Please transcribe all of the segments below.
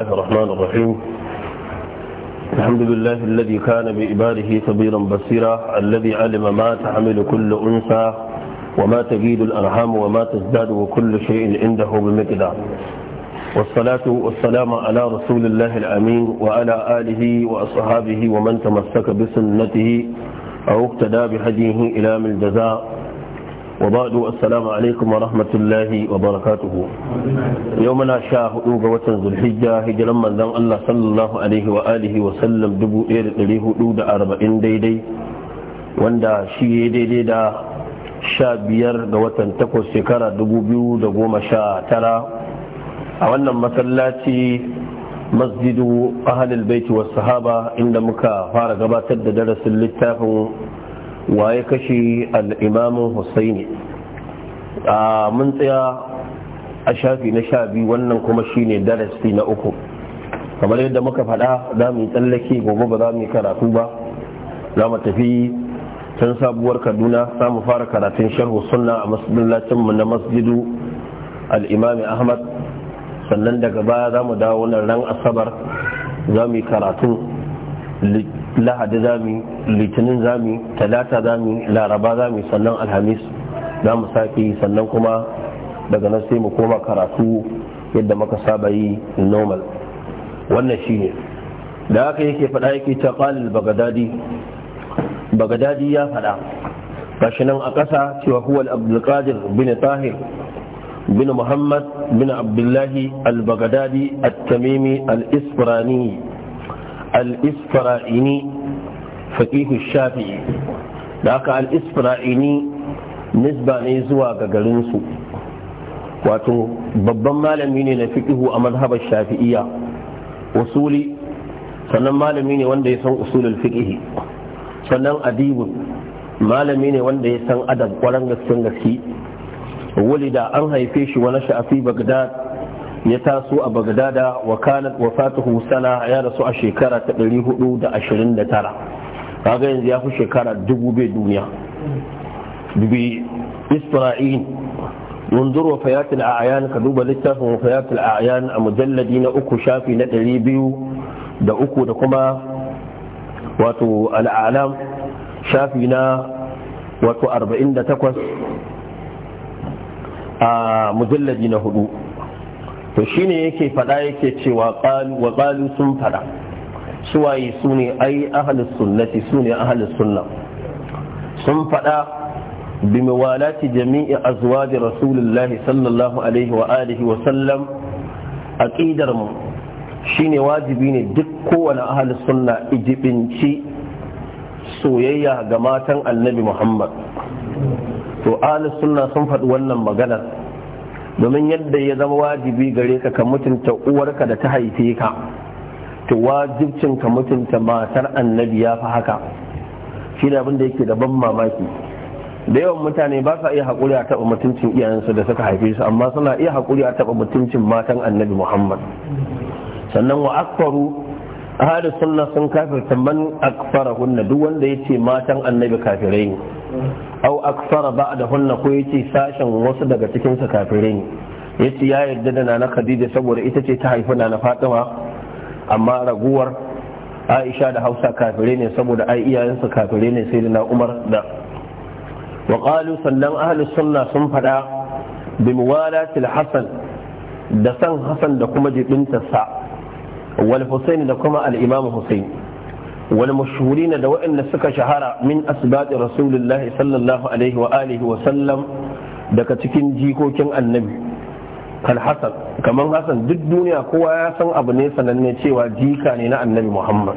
الله الرحمن الرحيم الحمد لله الذي كان بإباده خبيرا بصيرا الذي علم ما تحمل كل أنثى وما تجيد الأرحام وما تزداد وكل شيء عنده بمقدار والصلاة والسلام على رسول الله الأمين وعلى آله وأصحابه ومن تمسك بسنته أو اقتدى بهديه إلى من الجزاء وبعد السلام عليكم ورحمة الله وبركاته يوم لا شاه شاهد وتن ذو الحجة هجرا من الله صلى الله عليه وآله وسلم دبو إير إليه دود أربعين دي دي واندا شي دي دي دا شابير وتن تكو سكرة دبو بيو دبو مشا ترى أولا مسلاتي مسجد أهل البيت والصحابة إن مكا فارغبات درس اللتافن Wa ya kashe al'imamin Hussaini? a mun tsaya a shafi na sha biyu wannan kuma shine darasi na uku kamar yadda muka faɗa za mu yi tsallake gobe ba za mu yi karatu ba za mu tafi can sabuwar kaduna za mu fara karatun sharhu sunna a masallacin mu na masjidu al'imami ahmad sannan daga baya za mu dawo wannan ran asabar za mu yi karatun lahadi zami litinin zami talata zami laraba zami sannan alhamis za mu sake sannan kuma daga nan sai mu koma karatu yadda muka saba yi normal wannan shine da haka yake faɗa yake ta qalil bagadadi bagadadi ya faɗa gashi nan a ƙasa cewa huwa abdulkadir bin tahir bin muhammad bin abdullahi al-bagadadi at-tamimi al-isfirani al-isfara'ini faqihu shafi'i da haka al nisba ne zuwa ga garinsu wato babban malami ne na fiƙihu a mazhabar shafi'iyya usuli sannan malami ne wanda ya san usulul fiqihi sannan adibun malami ne wanda ya san adab kwaran gaske gaske da an haife shi wani shafi bagdad ya taso a bagdada wa kanat wafatuhu sana ya rasu a shekara ta 429 kaga yanzu ya fi shekara dubu bai duniya dubi isra'il منظر وفيات الأعيان كدوب لتاف وفيات الأعيان مجلدين أكو شافي ندري بيو دا أكو دا كما واتو الأعلام شافينا واتو أربعين دا تكوس آه مجلدين هدو to shine yake faɗa yake cewa wa qalu sun faɗa suwaye su ne ai ahalus sunnati su ne ahalus sunna sun faɗa bi mawalati jami'i azwaji rasulullah sallallahu alaihi wa alihi wa sallam aqidar mu shine wajibi ne duk kowane ahalus sunna ijibinci soyayya ga matan annabi muhammad to ahalus sunna sun faɗi wannan maganar domin yadda ya zama wajibi gare ka ka mutunta uwarka da ta haife ka to wajibcin ka mutunta matar annabi ya fi haka shi ne abin da yake da ban mamaki da yawan mutane ba sa iya haƙuri a taɓa mutuncin iyayensu da suka haife su amma suna iya haƙuri a taɓa mutuncin matan annabi muhammad sannan wa akwaru ahadu sunna sun kafirta man akfara hunna duk wanda ya ce matan annabi kafirai ne au akfara ba da hunna ko ya ce sashen wasu daga cikinsa kafirai ne ya ce ya yarda da nana khadija saboda ita ce ta haifi nana fatima amma raguwar aisha da hausa kafirai ne saboda ai iyayensu kafirai ne sai na umar da wa sannan ahli sunna sun faɗa bi muwalatil hasan da san hasan da kuma jibinta sa wal husain da kuma al imam husain wal mashhurin da waɗanda suka shahara min asbaqi rasulullahi sallallahu alaihi wa alihi wa sallam daga cikin jikokin annabi kal hasan kaman hasan duk duniya kowa ya san abu ne sananne cewa jika ne na annabi muhammad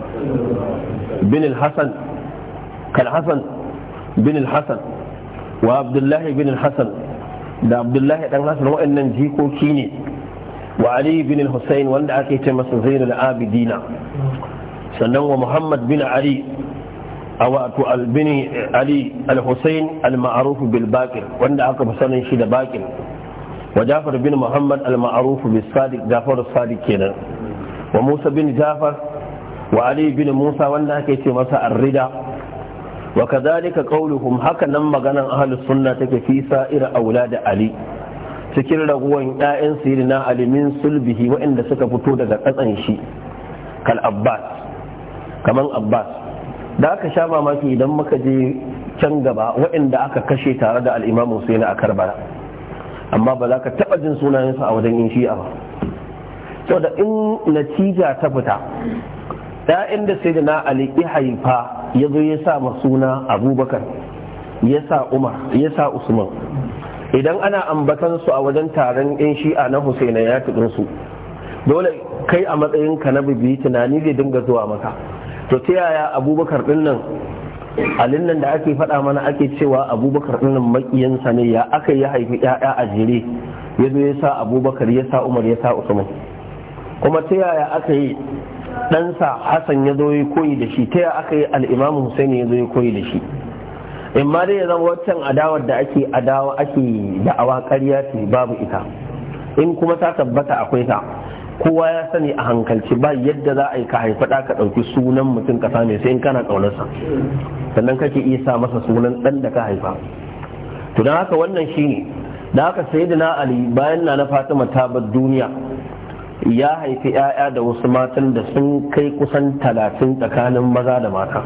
bin bin wa abdullahi bin da abdullahi dan hasan waɗannan jikoki ne wa ali bin al wanda ake ce masa zainul abidina sannan wa muhammad bin ali a wato albini ali al-husayn al-ma'ruf bil baqir wanda aka fi sanin shi da baqir wa jafar bin muhammad al-ma'ruf bil sadiq jafar sadiq kenan wa musa bin jafar wa ali bin musa wanda ake ce masa ar-rida wa kadhalika qawluhum haka nan maganan ahlus sunna take fi sa'ir aulad ali cikin raguwan 'ya'yan sirina alimin sulbihi waɗanda suka fito daga ƙasan shi kal abbas kaman abbas da aka sha mamaki idan muka je can gaba waɗanda aka kashe tare da al'imamu sai a karbala amma ba za ka taɓa jin sunayensu a wajen yin shi'a ba da in natija ta fita ‘ya'yan da sai da na aliki haifa ya zo ya sa masuna abubakar ya sa umar ya sa usman idan ana ambatan su a wajen taron yan shi'a na husaina ya su dole kai a matsayin ka na bibi tunani zai dinga zuwa maka to ta yaya abubakar din nan alin nan da ake faɗa mana ake cewa abubakar din nan makiyansa ne ya aka yi haifi ɗaya a jere ya zo ya sa abubakar ya sa umar ya sa usman kuma ta yaya aka yi ɗansa hassan ya zo ya koyi da shi ta yaya aka yi al'imamu husaini ya zo ya koyi da shi in ma dai ya zama waccan adawar da ake adawa ake da'awa ƙarya ce babu ita in kuma ta tabbata akwai ta kowa ya sani a hankalci ba yadda za a yi ka haifa ka ɗauki sunan mutum ƙasa mai sai in kana ƙaunarsa sannan kake iya sa masa sunan ɗan da ka haifa to don haka wannan shi ne da haka sai da na ali bayan na na fatima ta bar duniya ya haifi 'ya'ya da wasu matan da sun kai kusan talatin tsakanin maza da mata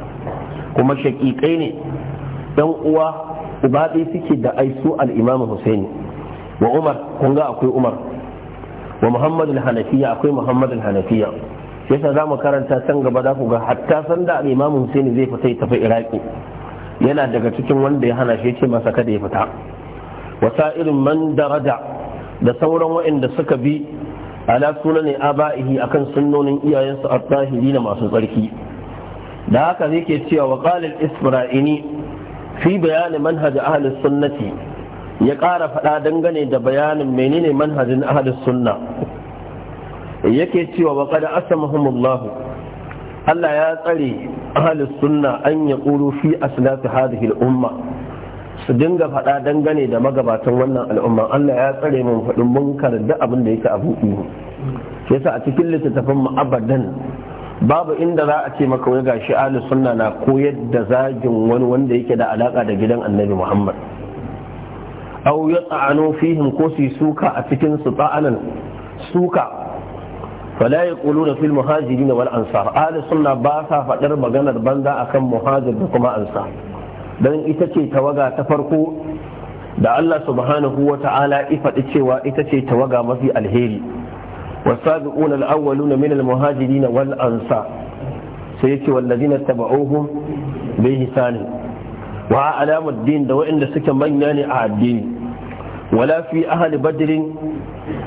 kuma shaƙiƙai ne dan uwa uba ɗaya suke da aisu al-imamu husaini wa umar kun ga akwai umar wa muhammad al-hanafiya akwai muhammad al-hanafiya sai za zamu karanta can gaba za ku ga hatta sanda al-imamu husaini zai fita ya tafi iraki yana daga cikin wanda ya hana shi ce masa kada ya fita irin man daraja da sauran wa'anda suka bi ala suna ne aba'ihi akan sunnonin iyayensu a na masu tsarki da haka zai ke cewa wa qalil isra'ini fi bayani manhaji ahlus sunnati ya ƙara faɗa dangane da bayanin menene manhajin ahlus sunna yake cewa wa qad asamahumullahu Allah ya tsare ahlus sunna an ya qulu fi aslafi hadhihi umma su dinga faɗa dangane da magabatan wannan al'umma Allah ya tsare mun faɗin munkar da abin da yake abu yasa a cikin littattafan mu abadan babu inda za a ce maka wai gashi ahli sunna na koyar da zagin wani wanda yake da alaka da gidan annabi muhammad aw yata'anu fihim ko su suka a cikin su ta'anan suka فلا wal ansar ahli sunna ba sa maganar maganar a kan muhajir da kuma ansar dan ita ce tawaga ta farko da Allah subhanahu wa ta'ala ifaɗi cewa ita ce tawaga mafi alheri والسابقون الأولون من المهاجرين والأنصار سيتي والذين اتبعوهم بإحسان وعلام الدين دو إن سكن بينان الدين ولا في أهل بدر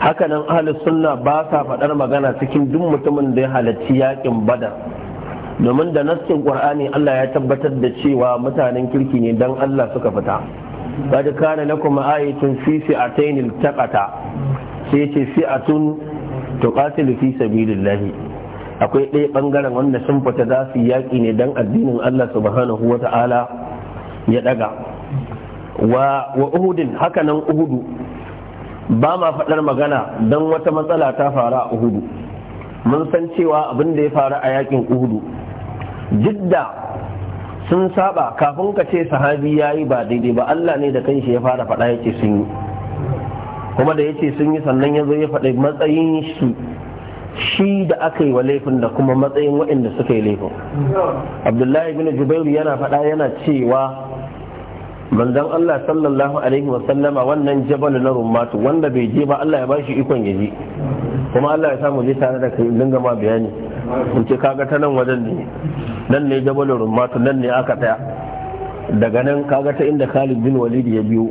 هكذا أهل السنة باسا فدر مغانا سكن دم تمن دي حالتي ياكم بدر domin da naskin qur'ani Allah ya tabbatar da cewa mutanen kirki ne dan Allah suka fita qad kana lakum ayatun fi fi'atayn taqata sai ce fi'atun tuqatilu fi sabilillahi akwai ɗaya ɓangaren wanda sun fita za su yaƙi ne dan addinin Allah subhanahu wa ta'ala ya ɗaga wa uhudin hakanan uhudu ba ma faɗar magana dan wata matsala ta faru a uhudu mun san cewa abin da ya faru a yaƙin uhudu jidda sun saba kafin ka ce sahabi yayi ba daidai ba Allah ne da kanshi ya fara faɗa ya sun yi kuma da yace sun yi sannan ya zo ya faɗi matsayin shi shi da aka yi wa laifin da kuma matsayin waɗanda suka yi laifin abdullahi bin jubairu yana faɗa yana cewa manzon Allah sallallahu alaihi wa wannan jabal na rumatu wanda bai je ba Allah ya bashi ikon ya je kuma Allah ya samu je tare da kai dinga ma bayani in ce kaga ta nan wajen ne nan ne jabal rumatu nan ne aka taya daga nan kaga ta inda Khalid bin Walid ya biyo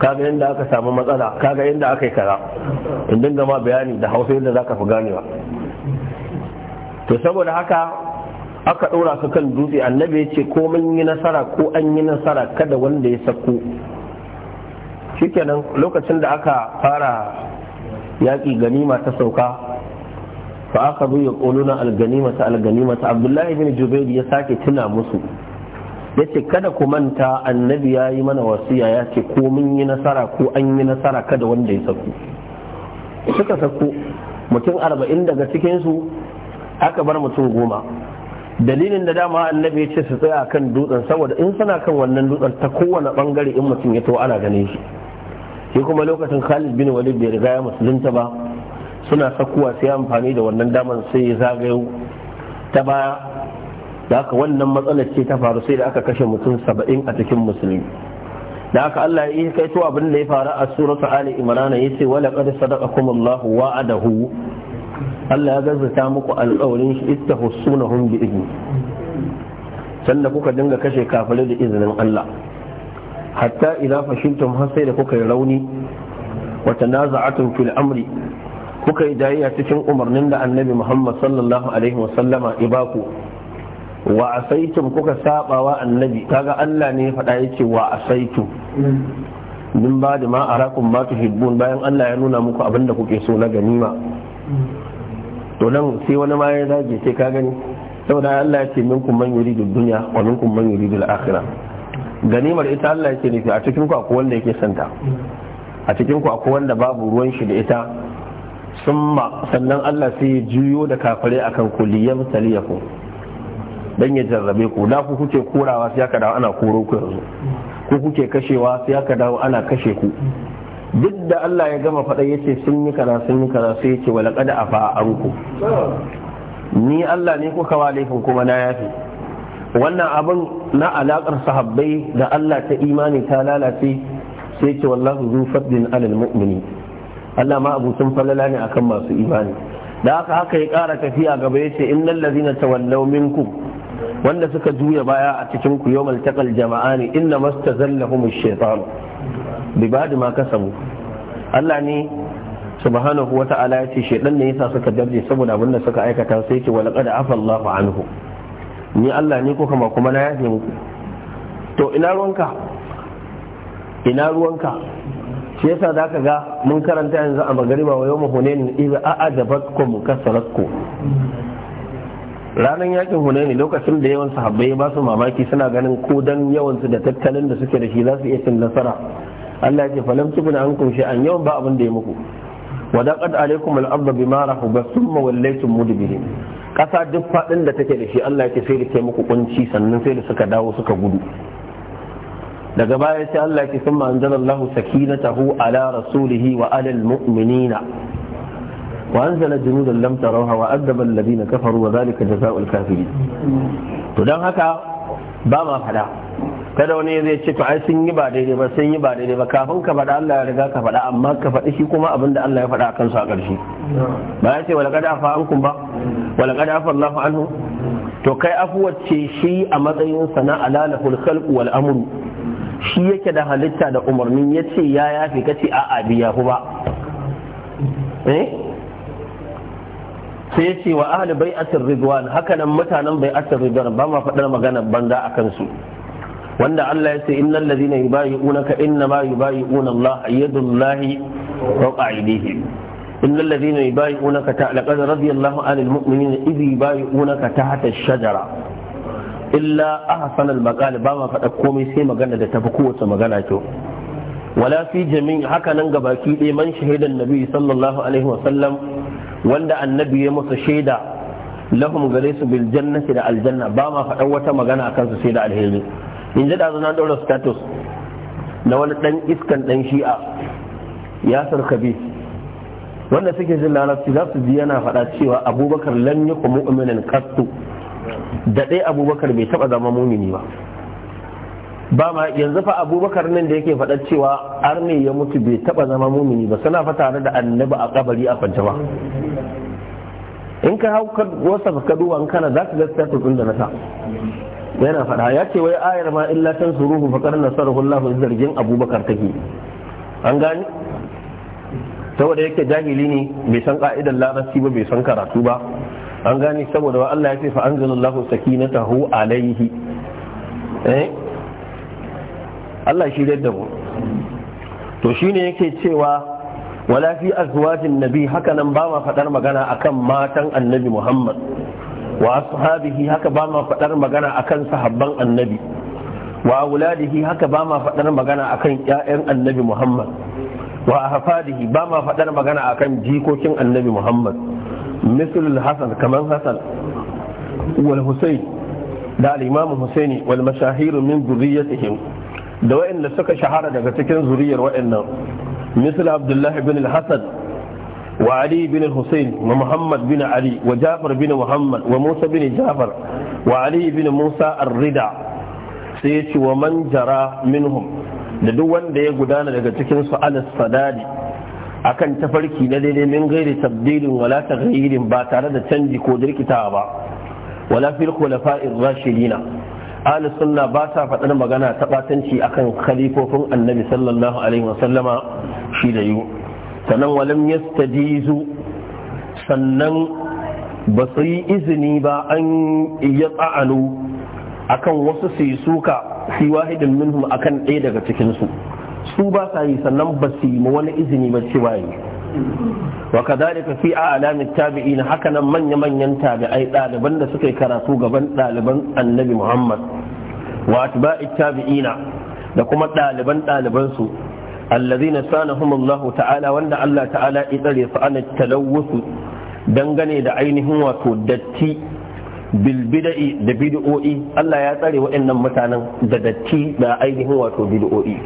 kaga inda aka samu matsala kaga inda aka yi kara, in dinga ma bayani da hausa yadda za ka fi ganewa to saboda haka aka ɗora su kan dutse annabi ya ce ko mun yi nasara ko an yi nasara kada wanda ya sako shikenan lokacin da aka fara yaƙi ganima ta sauka fa aka zo ƙoluna alganima ta abdullahi bin jubairu ya sake tuna musu ya ce kada ku manta annabi ya yi mana wasiya ya ce ko mun yi nasara ko an yi nasara kada wanda ya saku suka saku mutum arba'in daga cikinsu aka bar mutum goma dalilin da dama annabi ya ce su tsaya kan dutsen saboda in suna kan wannan dutsen ta kowane bangare in mutum ya to ana ganin shi shi kuma lokacin khalid bin walid bai riga ya musulunta ba suna sakuwa sai amfani da wannan damar sai ya zagayo ta baya da haka wannan matsalar ce ta faru sai da aka kashe mutum saba'in a cikin musulmi da haka Allah ya kai to abin da ya faru a surata Ali Imran ce wala qad sadaqakum Allahu wa'adahu Allah ya gazzata muku alƙawarin shi istahussunahum bi idni sanda kuka dinga kashe kafirai da izinin Allah hatta idza fashiltum har sai da kuka yi rauni wa tanaza'atum fil amri kuka yi a cikin umarnin da Annabi Muhammad sallallahu alaihi wa sallama ibaku wa asaitum kuka sabawa annabi kaga Allah ne ya faɗa yake wa asaitum min ba da ma arakum ma tuhibbun bayan Allah ya nuna muku abinda kuke so na ganima to nan sai wani ma ya zage sai ka gani saboda Allah ya ce minkum man yuridu dunya wa minkum man yuridu al-akhirah ganimar ita Allah yake nufi a cikin ku akwai wanda yake santa a cikin ku akwai wanda babu ruwan shi da ita summa sannan Allah sai ya juyo da kafare akan kulliyam liyabtaliyakum dan ya jarrabe ku da ku kuke korawa sai aka dawo ana koro ku yanzu ku kuke kashewa sai aka dawo ana kashe ku duk da Allah ya gama faɗa yace sun yi kaza sun yi kaza sai yace wala qad afa anku ni Allah ne kuka wa laifin kuma na yafi wannan abin na alakar sahabbai da Allah ta imani ta lalace sai ce wallahu zu faddin alal mu'mini Allah ma abu sun falala ne akan masu imani da haka haka ya ƙara tafiya gaba ya ce innal ladina tawallaw minkum wanda suka juya baya a cikin ku yawmal taqal jama'ani inna mastazallahum ash-shaytan bi ba'd ma kasabu Allah ne subhanahu wa ta'ala ya ce shedan ne yasa suka darje saboda abinda suka aikata sai ce wa laqad afa Allahu anhu ni Allah ne ko kuma kuma na yafe muku to ina ruwanka ina ruwanka shi yasa za ka ga mun karanta yanzu a magariba wa yau mahunenin iza a ajabatkum ranar yakin ne lokacin da yawan sahabbai ba su mamaki suna ganin ko dan yawan su da tattalin da suke da shi za su iya cin nasara Allah ya ce falam tukun an kunshi an yawan ba abin da ya muku wa daqad alaikum al-ard bima rahubat summa wallaytum mudbirin kasa duk fadin da take da shi Allah ya ce sai da ke muku kunci sannan sai da suka dawo suka gudu daga baya sai Allah ya ce summa anzalallahu sakinatahu ala rasulihi wa ala al-mu'minina وأنزل جنودا لم تروها وأذب الذين كفروا وذلك جزاء الكافرين تدان هكا باما فدا kada wani zai ce to ai sun yi ba daidai ba sun yi ba daidai ba kafin ka fada Allah ya riga ka fada amma ka faɗi shi kuma abin da Allah ya fada akan su a ƙarshe ba ya ce wala kada afa ankum ba wala kada afa Allahu anhu to kai afuwar ce shi a matsayin sana alalahul khalq wal amru shi yake da halitta da umarnin yace ya yafi kace a a biya ba eh sai ya ce wa ahli bai'atir ridwan haka nan mutanen bai'atir ridwan ba ma faɗar magana banza a kansu wanda Allah ya ce innal ladina yubayi'unaka inna ma yubayi'una Allah yadullahi fawqa aydihim innal ladina yubayi'unaka ta laqad radiyallahu 'anil mu'minina idh yubayi'unaka tahta ash-shajara illa ahsan al-maqal ba ma faɗa komai sai magana da tafi kowace magana kyau wala fi jami'i hakanan gabaki ɗaya man shahidan nabi sallallahu alaihi wa sallam wanda annabi ya masa shaida lahum gare su bil jannati da aljanna ba ma faɗan wata magana akan su sai da alheri in ji ɗazu na ɗaura status na wani ɗan iskan ɗan shi'a ya kabi wanda suke jin larabci za su ji yana faɗa cewa abubakar lan yi mu'minin kastu da ɗaya abubakar bai taɓa zama mumini ba ba ma yanzu fa abubakar nan da yake faɗa cewa arne ya mutu bai taɓa zama mumini ba suna fa tare da annabi a kabari a kwance ba in ka hau wasa ka duba in kana za ka ga status da na yana faɗa ya ce wai ayar ma illa tan suruhu fa karanna sarhu Allahu zargin abubakar take an gani saboda yake jahili ne bai san ka'idar larabci ba bai san karatu ba an gani saboda wa Allah ya ce fa anzalallahu sakinatahu alaihi eh Allah shi da mu to shi ne yake cewa wala fi azwajin nabi haka nan ba ma fadar magana akan matan annabi Muhammad wa ashabihi haka ba ma fadar magana akan sahabban annabi wa auladihi haka ba ma fadar magana akan ƴaƴan annabi Muhammad wa ahfadihi ba ma fadar magana akan jikokin annabi Muhammad mislul hasan kaman hasan wal husayn da al-imam husaini wal mashahir min dhurriyyatihim da waɗanda suka shahara daga cikin zuriyar waɗannan misal abdullah bin al-hasan wa ali bin al-husayn wa muhammad bin ali wa jafar bin muhammad wa musa bin jafar wa ali bin musa ar-rida sai ya ce wa man jara minhum da duk wanda ya gudana daga cikin su alas sadadi akan tafarki na daidai min gairi tabdilin wala taghyirin ba tare da canji ko dirkitawa ba wala fil khulafa'ir rashidina ahli sunna ba sa faɗar magana ta ɓatanci akan khalifofin annabi sallallahu alaihi wasallama shi da yu sannan walam yastadizu sannan ba su yi izini ba an iya tsa'anu akan wasu su yi suka fi wahidin minhum akan ɗaya daga cikinsu su ba sa yi sannan ba su yi wani izini ba ce yi wa kadhalika fi a'lam at na hakanan manya manyan tabi'ai ɗaliban da suka yi karatu gaban ɗaliban annabi Muhammad wa atba'i tabi'ina da kuma ɗaliban ɗaliban su alladhina sanahum Allah ta'ala wanda Allah ta'ala ya tsare su ana talawusu dangane da ainihin wato datti bilbida'i da bid'o'i Allah ya tsare waɗannan mutanen da datti da ainihin wato bid'o'i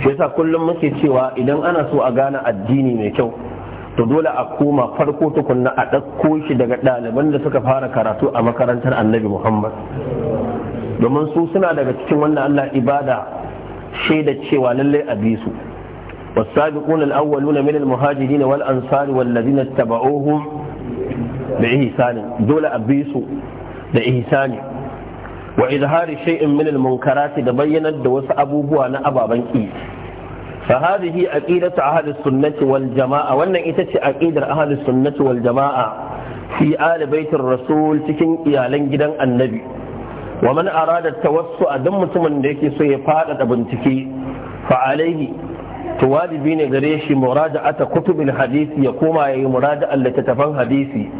shi yasa kullum muke cewa idan ana so a gane addini mai kyau to dole a koma farko tukunna a ɗakko shi daga ɗaliban da suka fara karatu a makarantar annabi muhammad domin su suna daga cikin wannan allah ibada shaida cewa lallai a bi su والسابقون الأولون من المهاجرين والأنصار والذين اتبعوهم بإحسان دول أبيسوا بإحسان وإظهار شيء من المنكرات da دوس abubuwa na أبا بنكي فهذه عقيدة أهل السنة والجماعة وأن إتت عقيدة أهل السنة والجماعة في آل بيت الرسول تكن إيالين جدا النبي ومن أراد التوسع دم من ديكي سيفادة بنتكي فعليه wajibi ne gare shi muraja'ata kutubin hadisi ya koma yayi muraja'a littattafan hadisi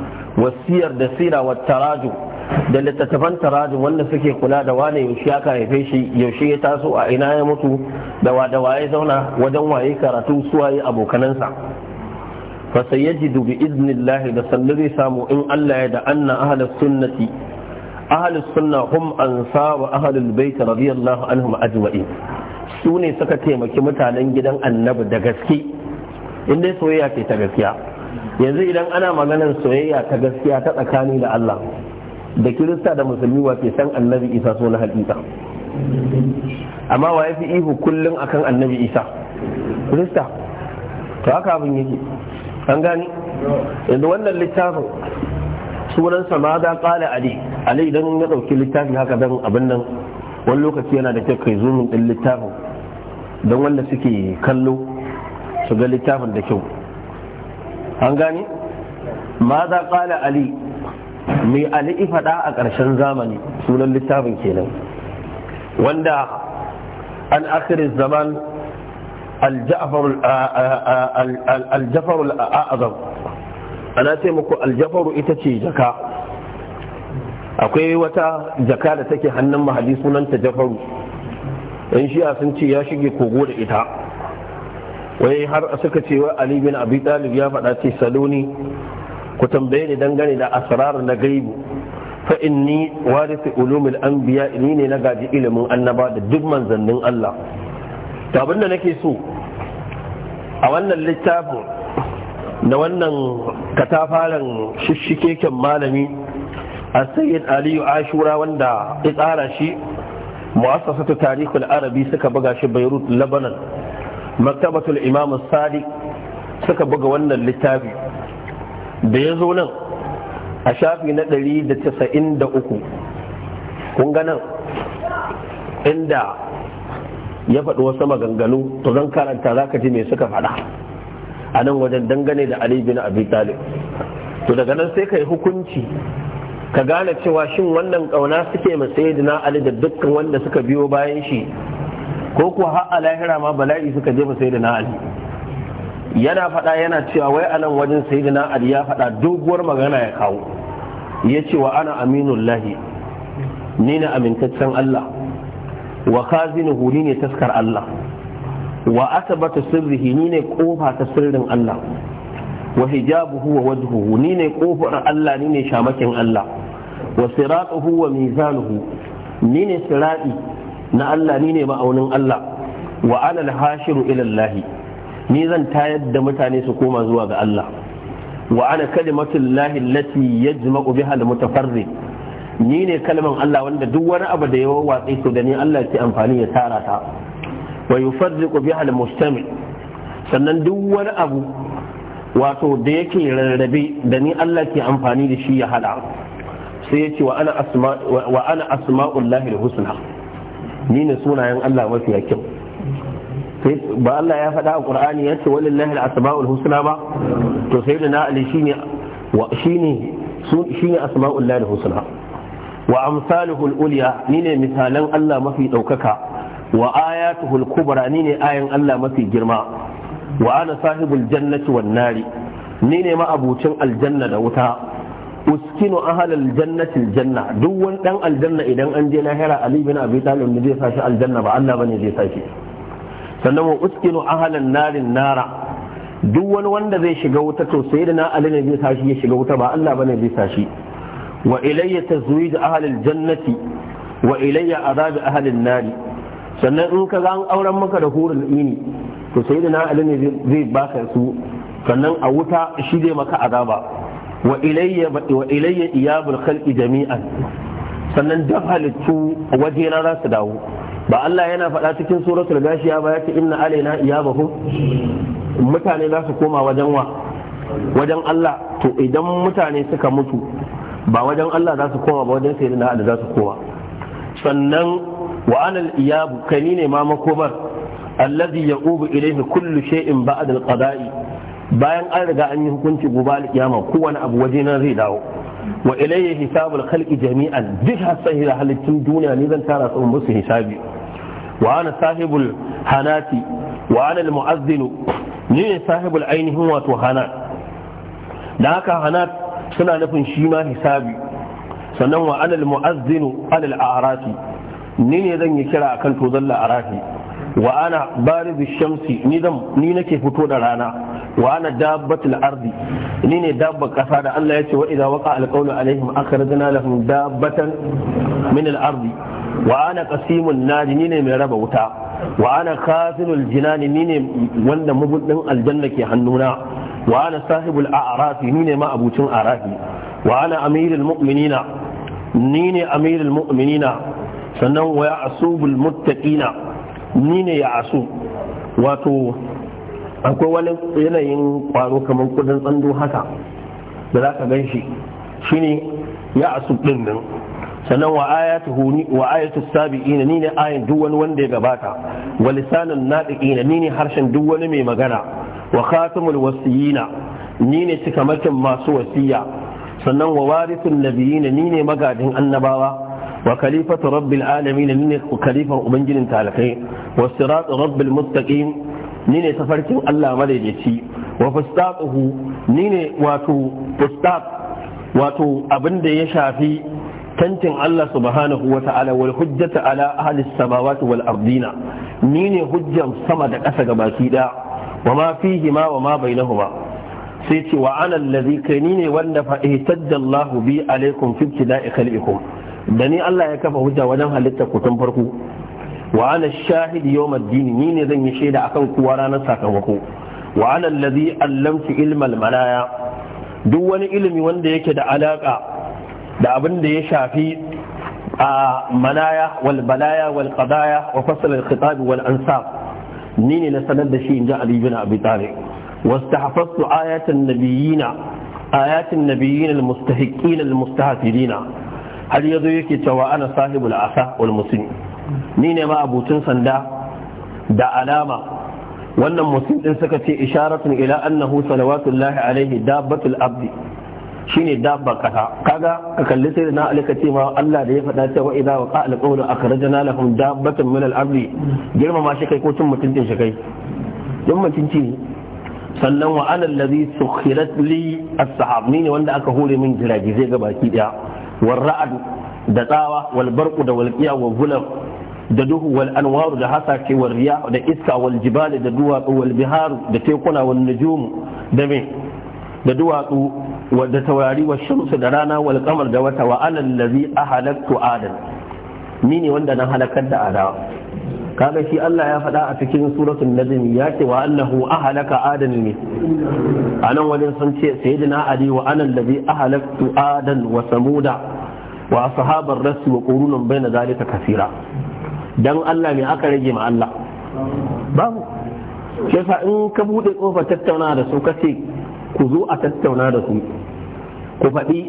wasiyar da sira wa taraju da littattafan tarajin wanda suke kula da wane yaushe aka haife shi yaushe ya taso a ina ya mutu da wa da waye zauna wajen waye karatu suwaye abokanansa fa dubi, bi idnillahi da sallu samu in Allah ya da anna ahlus sunnati ahlus sunna hum ansaru ahlul bait radiyallahu anhum ajma'in su ne suka taimaki mutanen gidan annabi da gaske in dai soyayya ce ta gaskiya yanzu idan ana maganar soyayya ta gaskiya ta tsakani da Allah da kirista da musulmi wa ke san annabi isa so na hakika amma wa ya fi ihu kullum akan annabi isa kirista to haka abin yake an gani yanzu wannan littafin sunansa ma za kala ali ali idan ya ɗauki littafin haka don abin nan wani lokaci yana da kyau kai zumin ɗin littafin don wanda suke kallo su ga littafin da kyau an gani ma za kala ali mai ali'i faɗa a ƙarshen zamani sunan littafin kenan wanda an akhir zaman aljafaru al'azam ana ce muku aljafaru ita ce jaka akwai wata jaka da take hannun mahali sunanta jafaru yan shi'a sun ce ya shige kogo da ita wai har suka ce wa ali bin abi talib ya faɗa ce saloni ku tambaye ni dangane da asrar na gaibu fa inni warisi ulumul anbiya ni ne na gaji ilimin annaba da duk manzannin Allah to abinda nake so a wannan littafin da wannan katafaren shishikeken malami a sayyid aliyu ashura wanda ya tsara shi mu'assasatu tarihul arabi suka buga shi beirut lebanon maktabatul imam sadiq suka buga wannan littafi da ya zo nan a shafi na 193 kun ga nan inda ya faɗi wasu maganganu to zan karanta za ka ji mai suka faɗa a nan wajen dangane da Ali bin Abi Talib to daga nan sai ka yi hukunci ka gane cewa shin wannan ƙauna suke masayidina Ali da dukkan wanda suka biyo bayan shi ko kuwa har a lahira ma bala'i suka je na Ali yana faɗa yana cewa wai anan wajen sayyidina ali ya faɗa doguwar magana ya kawo ya ce wa ana aminullahi ni na amintaccen Allah wa kazinuhu ni ne taskar Allah wa asabata sirrihi ni ne kofa ta sirrin Allah wa hijabuhu wa wajhuhu ni ne kofar Allah ni ne shamakin Allah wa siratuhu wa mizanuhu ni ne sirati na Allah ni ne ma'aunin Allah wa ana al-hashiru ila Allah ni zan tayar da mutane su koma zuwa ga Allah wa ana kalimatul lahi lati yajma'u biha al mutafarrid ni ne kalman Allah wanda duk wani abu da ya watsi to da ni Allah ke amfani ya tara ta wa yufarriqu biha al mustami sannan duk wani abu wato da yake rarrabe da ni Allah ke amfani da shi ya hada sai ya ce wa ana asma'ullahi al husna ni ne sunayen Allah mafi kyau ba Allah ya faɗa a Qur'ani ya ce walillahi al-asma'ul husna ba to sai da na ali shine wa shine shine asma'ul husna wa amsaluhu al-ulya nine misalan Allah mafi ɗaukaka, wa ayatuhu al-kubra nine ayan Allah mafi girma wa ana sahibul jannati wan nari nine ma abucin aljanna da wuta uskinu ahal aljannati aljanna duk wani dan aljanna idan an je lahira ali bin abi talib ne zai sashi aljanna ba Allah bane zai sashi sannan wa uskinu ahalan narin nara duk wani wanda zai shiga wuta to sai da na ali ne zai tashi ya shiga wuta ba Allah bane zai tashi wa ilayya tazwij ahlil jannati wa ilayya azab ahlin nari sannan in ka ga an auren maka da hurul ini to sai da na ali ne zai baka su sannan a wuta shi zai maka azaba wa ilayya wa ilayya iyabul khalqi jami'an sannan duk halittu waje za su dawo ba Allah yana faɗa cikin suratul gashiya ba yake inna alaina iyabahu mutane za su koma wajen wa wajen Allah to idan mutane suka mutu ba wajen Allah za su koma ba wajen sayyidina Ali za su koma sannan wa anal iyabu kani ne ma makobar allazi yaqubu ilayhi kullu shay'in ba'da al-qada'i bayan an riga an yi hukunci gobe al-kiyama kowane abu waje nan zai dawo wa ilayya hisabul khalqi jami'an duk da halittun duniya ne zan tara tsawon musu hisabi wa ana sahibul hanati wa ana almu'azzinu ni ne sahibul ainihin wato hanat dan haka hanat suna nufin shi ma hisabi sannan wa ana almu'azzinu ala al'arafi ni ne zan yi kira akan tozalla arafi wa ana barizu shamsi ni zan ni nake fito da rana wa ana dabbatul ardi ni ne dabbar ƙasa da Allah ya ce wa idza waqa alqawlu alaihim akhrajna lahum dabbatan min al-ardi wa ana qasimun nari ni ne mai raba wuta wa ana khazinul jinani ni ne wanda mabudin aljanna ke hannuna wa ana sahibul a'rafi ni ne ma abucin arafi wa ana amirul ni ne amirul sannan ya asubul muttaqina ni ne ya asu wato akwai wani yanayin kwaro kamar kudin tsando haka da za ka gan shi shine ya asu nan sannan wa huni wa ayatu sabiina ni ne ayin duk wani wanda ya gabata wa lisanan nadiqina ni ne harshen duk wani mai magana wa khatimul wasiyina ni ne cikamakin masu wasiya sannan wa warithun nabiyina ni ne magadin annabawa wa khalifatu rabbil alamin ni ne khalifar ubangijin talakai wa siratu rabbil muttaqin ni ne tafarkin Allah madaidaici wa fustaquhu ni ne wato fustaq wato abin da ya shafi tantin Allah subhanahu wa ta'ala wal hujjata ala ahli samawati wal ardina ni ne hujjan sama da ƙasa ga baki da wa ma fihi ma wa ma bainahuma sai ce wa ana allazi kai ni ne wanda fa ihtajja Allah bi alaikum fi ibtida'i khalqikum da ni Allah ya kafa hujja wajen halitta ku tun farko wa ana shahid yawm ad-din ni ne zan yi shaida akan kowa ranar sakamako wa ana allazi allamtu ilma al-manaya duk wani ilimi wanda yake da alaka da abin da ya shafi a manaya wal balaya wal qadaya wa fasl al-khitab wal ansab ni ne na sanar da shi inji ali bin abi talib واستحفظت آيات النبيين آيات النبيين har yazo yake يدرك سواء أنا صاحب wal والمسلم ni ne ma abucin sanda da alama wannan mutum din suka ce isharatun ila annahu salawatullahi alaihi dabbatul abdi shine dabba kasa kaga ka kalli sai na alika ce ma Allah da ya faɗa cewa idza wa qala qawlu akhrajna lahum dabbatan min al-ardi girma ma shi kai ko tun mutuncin shi kai don mutunci sannan wa ana allazi sukhirat li as-sahab ni ne wanda aka hore min jirage zai ga baki daya war da tsawa wal barqu da walqiya wa zulab da duhu wal anwaru da hasake wal riya da iska wal jibali da duwatsu wal biharu da tekuna wal nujumu da me da duwatsu da taurari wa shamsu da rana wal kamar da wata wa anan lazi a halaktu adan ni ne wanda na halakar da adawa kaga shi Allah ya faɗa a cikin suratul najm ya ce wa annahu ahlaka adan ne anan wajen sun ce sayyidina ali wa anan lazi ahlaktu adan wa samuda wa ashabar rasul wa qurunun baina zalika kasira dan Allah ne aka rage ma Allah babu shi yasa in ka bude kofar tattauna da su kace ku zo a tattauna da su ku faɗi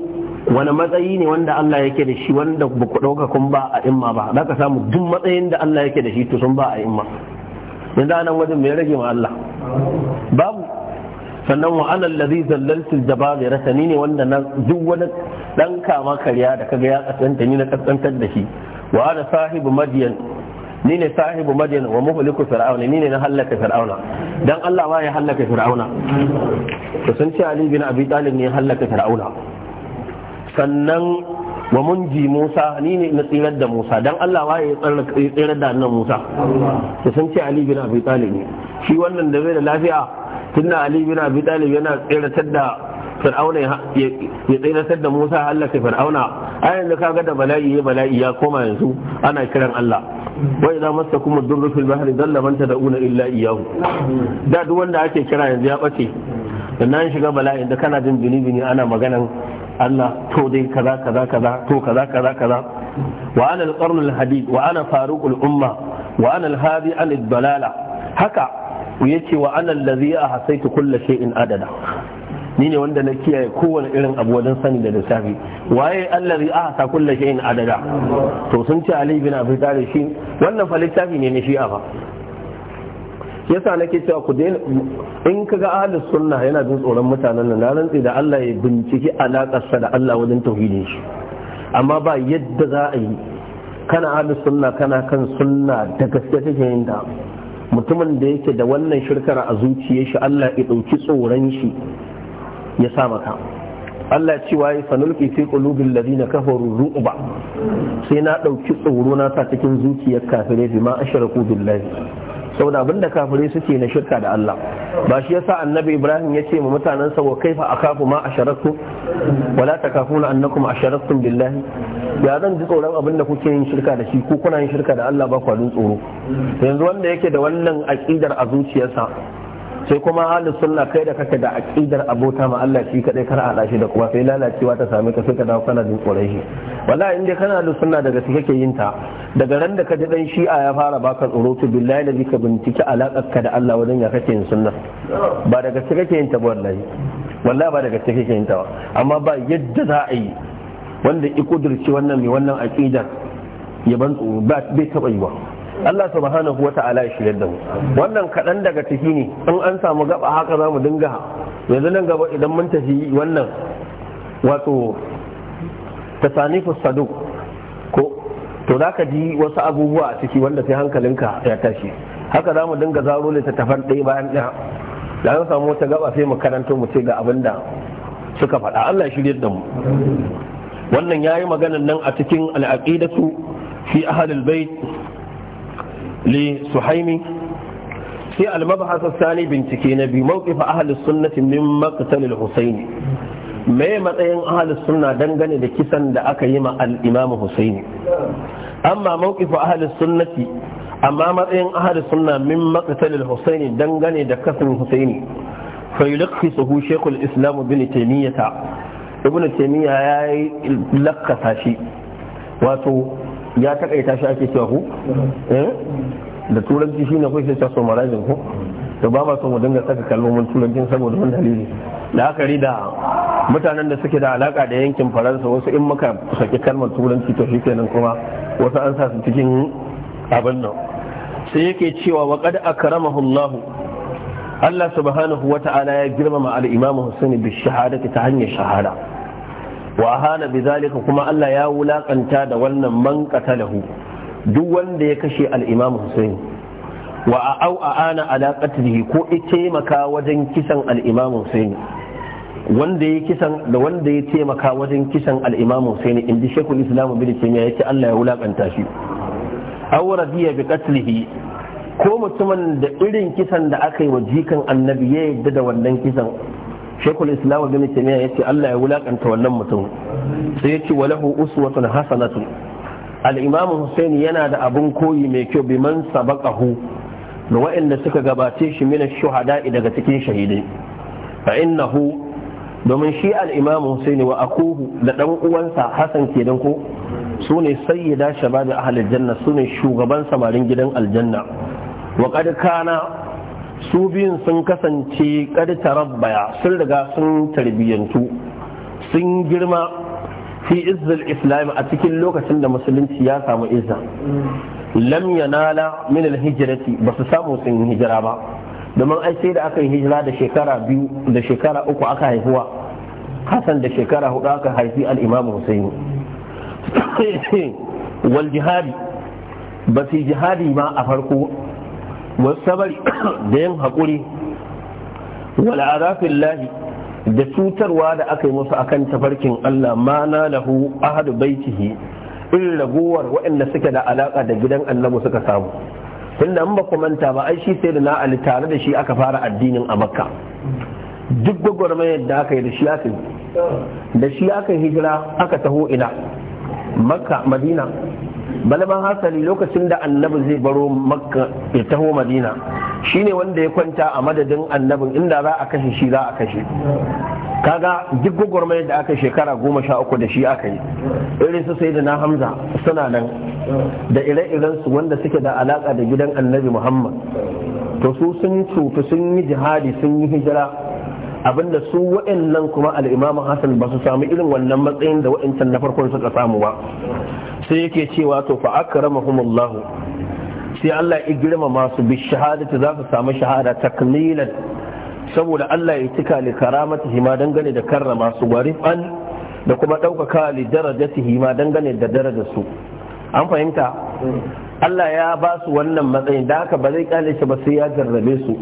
wani matsayi ne wanda Allah yake da shi wanda ba ku ɗauka kun ba a imma ba za ka samu duk matsayin da Allah yake da shi to sun ba a imma yanzu nan wajen mai rage ma Allah babu sannan wa alal ladhi zallaltu jabari rasani ne wanda na duk wani dan kama kariya da kaga ya kasanta ni na kasantar da shi wa ana sahibu madiyan ni ne sahibu madina wa muhliku fir'auna ni ne na hallaka fir'auna dan Allah ma ya hallaka fir'auna to sun ce Ali bin Abi Talib ne ya hallaka fir'auna sannan wa munji Musa ni ne na tsirar da Musa dan Allah ma ya tsirar da annan Musa to sun ce Ali bin Abi Talib ne shi wannan da bai da lafiya tunda Ali bin Abi Talib yana tsirar da fir'auna ya tsirar da Musa hallaka fir'auna ayan da kaga da bala'i ya bala'i ya koma yanzu ana kiran Allah wai za masa kuma rufin fil bahri dalla da una illa iyyahu da duk wanda ake kira yanzu ya bace sannan shiga bala'in da kana jin bini-bini ana maganan Allah to kaza kaza kaza to kaza kaza kaza umma wa ana al-hadi an ad-dalala haka yace wa ana allazi ahsaytu kulli adada ni ne wanda na kiyaye kowane irin abu wajen sani da lissafi waye allazi ahsa kullu shay'in adada to sun ce ali bin abi talib shi wannan fa littafi ne na shi'a fa yasa nake cewa ku daina in kaga ahlus sunna yana jin tsoron mutanen nan na rantsi da Allah ya binciki sa da Allah wajen tauhidin shi amma ba yadda za a yi kana ahlus sunna kana kan sunna da gaske take yin mutumin da yake da wannan shirkar a zuciyar shi Allah ya dauki tsoron shi ya sa maka Allah ya cewa ya sanulki fi qulubil ladina kafaru ru'ba sai na dauki tsoro na sa cikin zuciyar kafirai bi ma asharaku billahi saboda abinda kafirai suke na shirka da Allah ba shi yasa annabi Ibrahim ya ce ma mutanen sa wa kaifa akafu ma asharaku wala takafuna annakum asharaktum billahi ya zan ji tsoron abinda kuke yin shirka da shi ko kuna yin shirka da Allah ba ku tsoro yanzu wanda yake da wannan aqidar a zuciyarsa sai kuma ahlus sunna kai da kake da aqidar abota ma Allah shi kadai kar a shi da kuma sai lalacewa ta same ka sai ka dawo kana jin tsoron shi wallahi in dai kana ahlus sunna daga su kake yin ta daga ran da ka ji dan shi'a ya fara baka tsoro to billahi da zika binciki alakar ka da Allah wajen ya kake yin sunna ba daga su kake yin ta wallahi wallahi ba daga su kake yin ta amma ba yadda za a yi wanda ikudurci wannan mai wannan aqidar ya ban tsoro Ba bai taba yi ba Allah subhanahu wata'ala ya shirya da mu wannan kaɗan daga ciki ne in an samu gaba haka za mu dinga yanzu nan gaba idan mun tafi wannan wato tasanifus saduk ko to za ka ji wasu abubuwa a ciki wanda sai hankalinka ya tashi haka za mu dinga zaro littattafan ɗaya bayan ɗaya da an samu wata gaba sai mu karanto mu ce ga abin da suka faɗa Allah ya shirya da mu wannan yayi maganan nan a cikin al'aqidatu fi ahlul bait li suhaimi sai Sani bincike na biyu mawqif ahli sunnati min maqtal al-husaini me dangane da kisan da aka yi ma al-imam husaini amma mawqif ahli sunnati matsayin ahli sunna min maqtal al-husaini dangane da kasan husaini fa yulqisuhu shaykh al-islam yayi lakkasa wato ya takaita shi ake cewa ku eh? da turanci shine ku sai ta summarizing ku to ba ba mu dinga saka kalmomin turancin saboda wani dalili da aka da mutanen da suke da alaka da yankin faransa wasu in muka saki kalmar turanci to shikenan kuma wasu an sa su cikin abin nan sai yake cewa wa qad akramahullahu Allah subhanahu wa ta'ala ya girmama al-Imam Hussein bi shahadati ta hanyar shahada wa hana bizalika kuma Allah ya wulakanta da wannan man qatalahu duk wanda ya kashe al-Imam Hussein wa au aana ala qatlihi ko ya taimaka wajen kisan al-Imam Hussein wanda ya kisan da wanda ya taimaka wajen kisan al-Imam Hussein ji Sheikhul Islam Ibn Taymiyyah yace Allah ya wulakanta shi aw radiya bi qatlihi ko mutumin da irin kisan da aka yi wa jikan annabi ya yadda da wannan kisan shekul islam bin ya ce Allah ya wulakanta wannan mutum sai ya yace walahu uswatun hasanatu al-imam husaini yana da abun koyi mai kyau bi man sabaqahu da waɗanda suka gabace shi min shuhada daga cikin shahidai fa innahu domin shi al-imam husaini wa akuhu da dan uwansa hasan kenan ko su ne sayyida shabab ahli janna su ne shugaban samarin gidan aljanna wa kad kana su biyun sun kasance ƙaritarar baya sun riga sun tarbiyyantu sun girma fi izzal islam a cikin lokacin da musulunci ya samu izza lam yanala min alhijrati ba su samu sun hijira ba domin ai sai da aka yi hijira da shekara biyu da shekara uku aka haihuwa hasan da shekara hudu aka haifi al-imam husaini wal jihadi ba su jihadi ma a farko wasabari da yin haƙuri wala lahi da cutarwa da aka yi musu akan tafarkin Allah ma na lahu ahadu baitihi irin raguwar waɗanda suke da alaƙa da gidan annabu suka samu tunda in ba ku manta ba ai shi sai da na ali tare da shi aka fara addinin a makka duk gwagwarmayar da aka yi da shi aka yi da shi aka hijira aka taho ina makka madina balaban hasali lokacin da annabi zai baro makka ya taho madina shine wanda ya kwanta a madadin annabin inda za a kashe shi za a kashe kaga duk gwagwarmayar da aka shekara goma sha uku da shi aka yi irin su sai da na hamza suna nan da ire-iren su wanda suke da alaka da gidan annabi muhammad to su sun cutu sun yi jihadi sun yi hijira abinda su waɗannan kuma al'imamu hassan ba su samu irin wannan matsayin da waɗancan na farkon suka samu ba sai yake cewa to fa humullahu sai Allah ya girma masu bi shahadati za su samu shahada takmilan saboda Allah ya cika li karamati hima dangane da karrama su warifan da kuma ɗaukaka li darajati hima dangane da darajar su an fahimta mm. Allah ya ba su wannan matsayin da haka ba zai kyale shi ba sai ya jarrabe su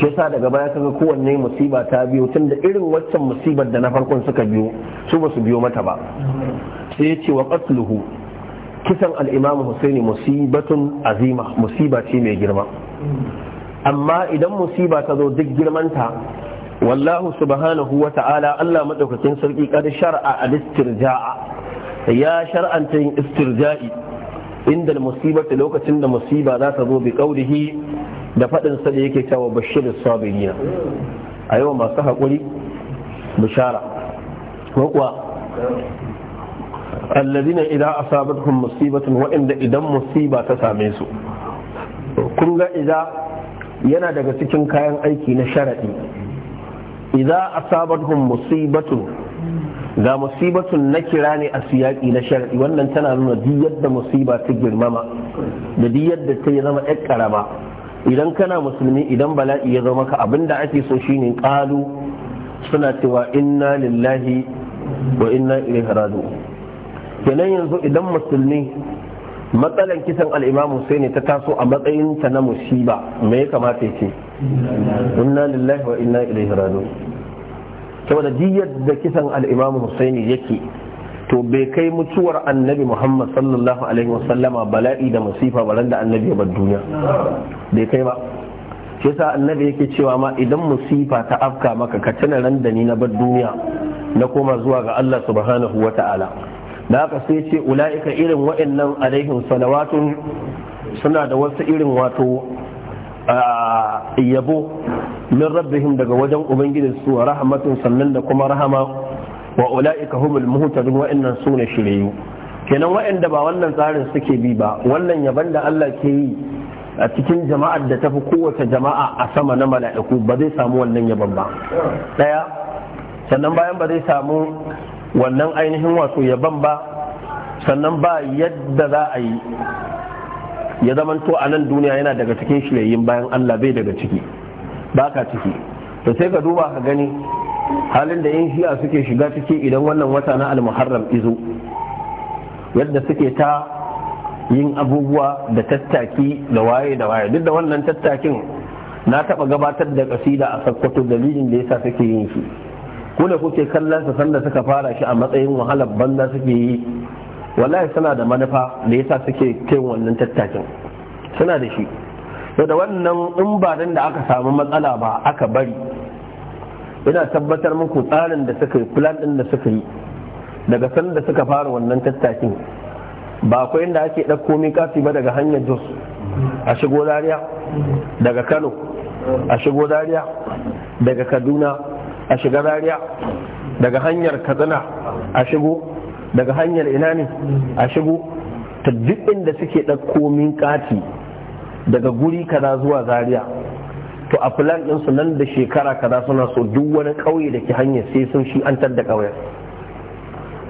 shi yasa daga baya kaga kowanne musiba ta biyo tun da irin waccan musibar da na farkon suka biyo su ba su biyo mata ba sai ya ce wa qatluhu kisan al-imam musibatun azima musiba ce mai girma amma idan musiba ta zo duk girmanta wallahu subhanahu wa ta'ala Allah maɗaukacin sarki kad shar'a al-istirja'a ya shar'anta yin istirja'i inda musibata lokacin da musiba za ta zo bi qaulihi da faɗin sa da yake cewa bashir sabirina a yau masu haƙuri bishara ko kuwa alladina idza asabatuhum musibatun wa inda idan musiba ta same su kun ga idza yana daga cikin kayan aiki na sharadi idza asabatuhum musibatun ga musibatun na kira ne a siyaƙi na sharadi wannan tana nuna duk yadda musiba ta girmama da duk yadda ta zama ƴar ƙarama idan kana musulmi idan bala'i ya zama ka abinda ake so shine qalu suna cewa inna lillahi wa inna ilaihi raji'un kenan yanzu idan musulmi matsalan kisan al'imamu sai ne ta taso a matsayin ta na musiba me ya kamata ya ce inna lillahi wa inna ilaihi raji'un saboda diyar da kisan al'imamu husaini yake to bai kai mutuwar annabi muhammad sallallahu alaihi wasallama bala'i da masifa baran da annabi ya bar duniya bai kai ba shi sa annabi yake cewa ma idan musifa ta afka maka ka tana ran da ni na bar duniya na koma zuwa ga Allah subhanahu wa ta'ala da haka sai ce ula'ika irin wa'annan alaihim salawatun suna da wasu irin wato yabo min rabbihim daga wajen ubangijinsu wa rahmatun sannan da kuma rahama wa ula'ika humul muhtadun wa'annan sune shiriyu kenan wa'anda ba wannan tsarin suke bi ba wannan yaban da Allah ke yi a cikin jama'ar da tafi kowace jama'a a sama na mala'iku ba zai samu wannan yaban ba daya sannan bayan ba zai samu wannan ainihin wato yaban ba sannan ba yadda za a yi ya zamanto a nan duniya yana daga cikin shiryayyun bayan Allah bai daga ciki ba ka ciki to sai ka duba ka gani halin da yin shi'a suke shiga ciki idan wannan wata na almuharram izo yadda suke ta yin abubuwa da tattaki da waye da waye duk da wannan tattakin na taba gabatar da kasida a sakkwato dalilin da yasa suke yin shi ku da kuke kallon su sanda suka fara shi a matsayin wahalar banza suke yi wallahi suna da manufa da yasa suke kai wannan tattakin suna da shi da wannan in ba da aka samu matsala ba aka bari ina tabbatar muku tsarin da suka yi plan ɗin da suka yi daga san da suka fara wannan tattakin ba akwai inda ake ɗauko mikasi ba daga hanyar jos a shigo dariya daga kano a shigo dariya daga kaduna a shiga dariya daga hanyar katsina a shigo daga hanyar ina ne a shigo ta duk inda suke ɗauko kati daga guri kaza zuwa Zariya. to a plan din su nan da shekara kaza suna so duk wani ƙauye da ke hanyar sai sun shi an tadda ƙauyen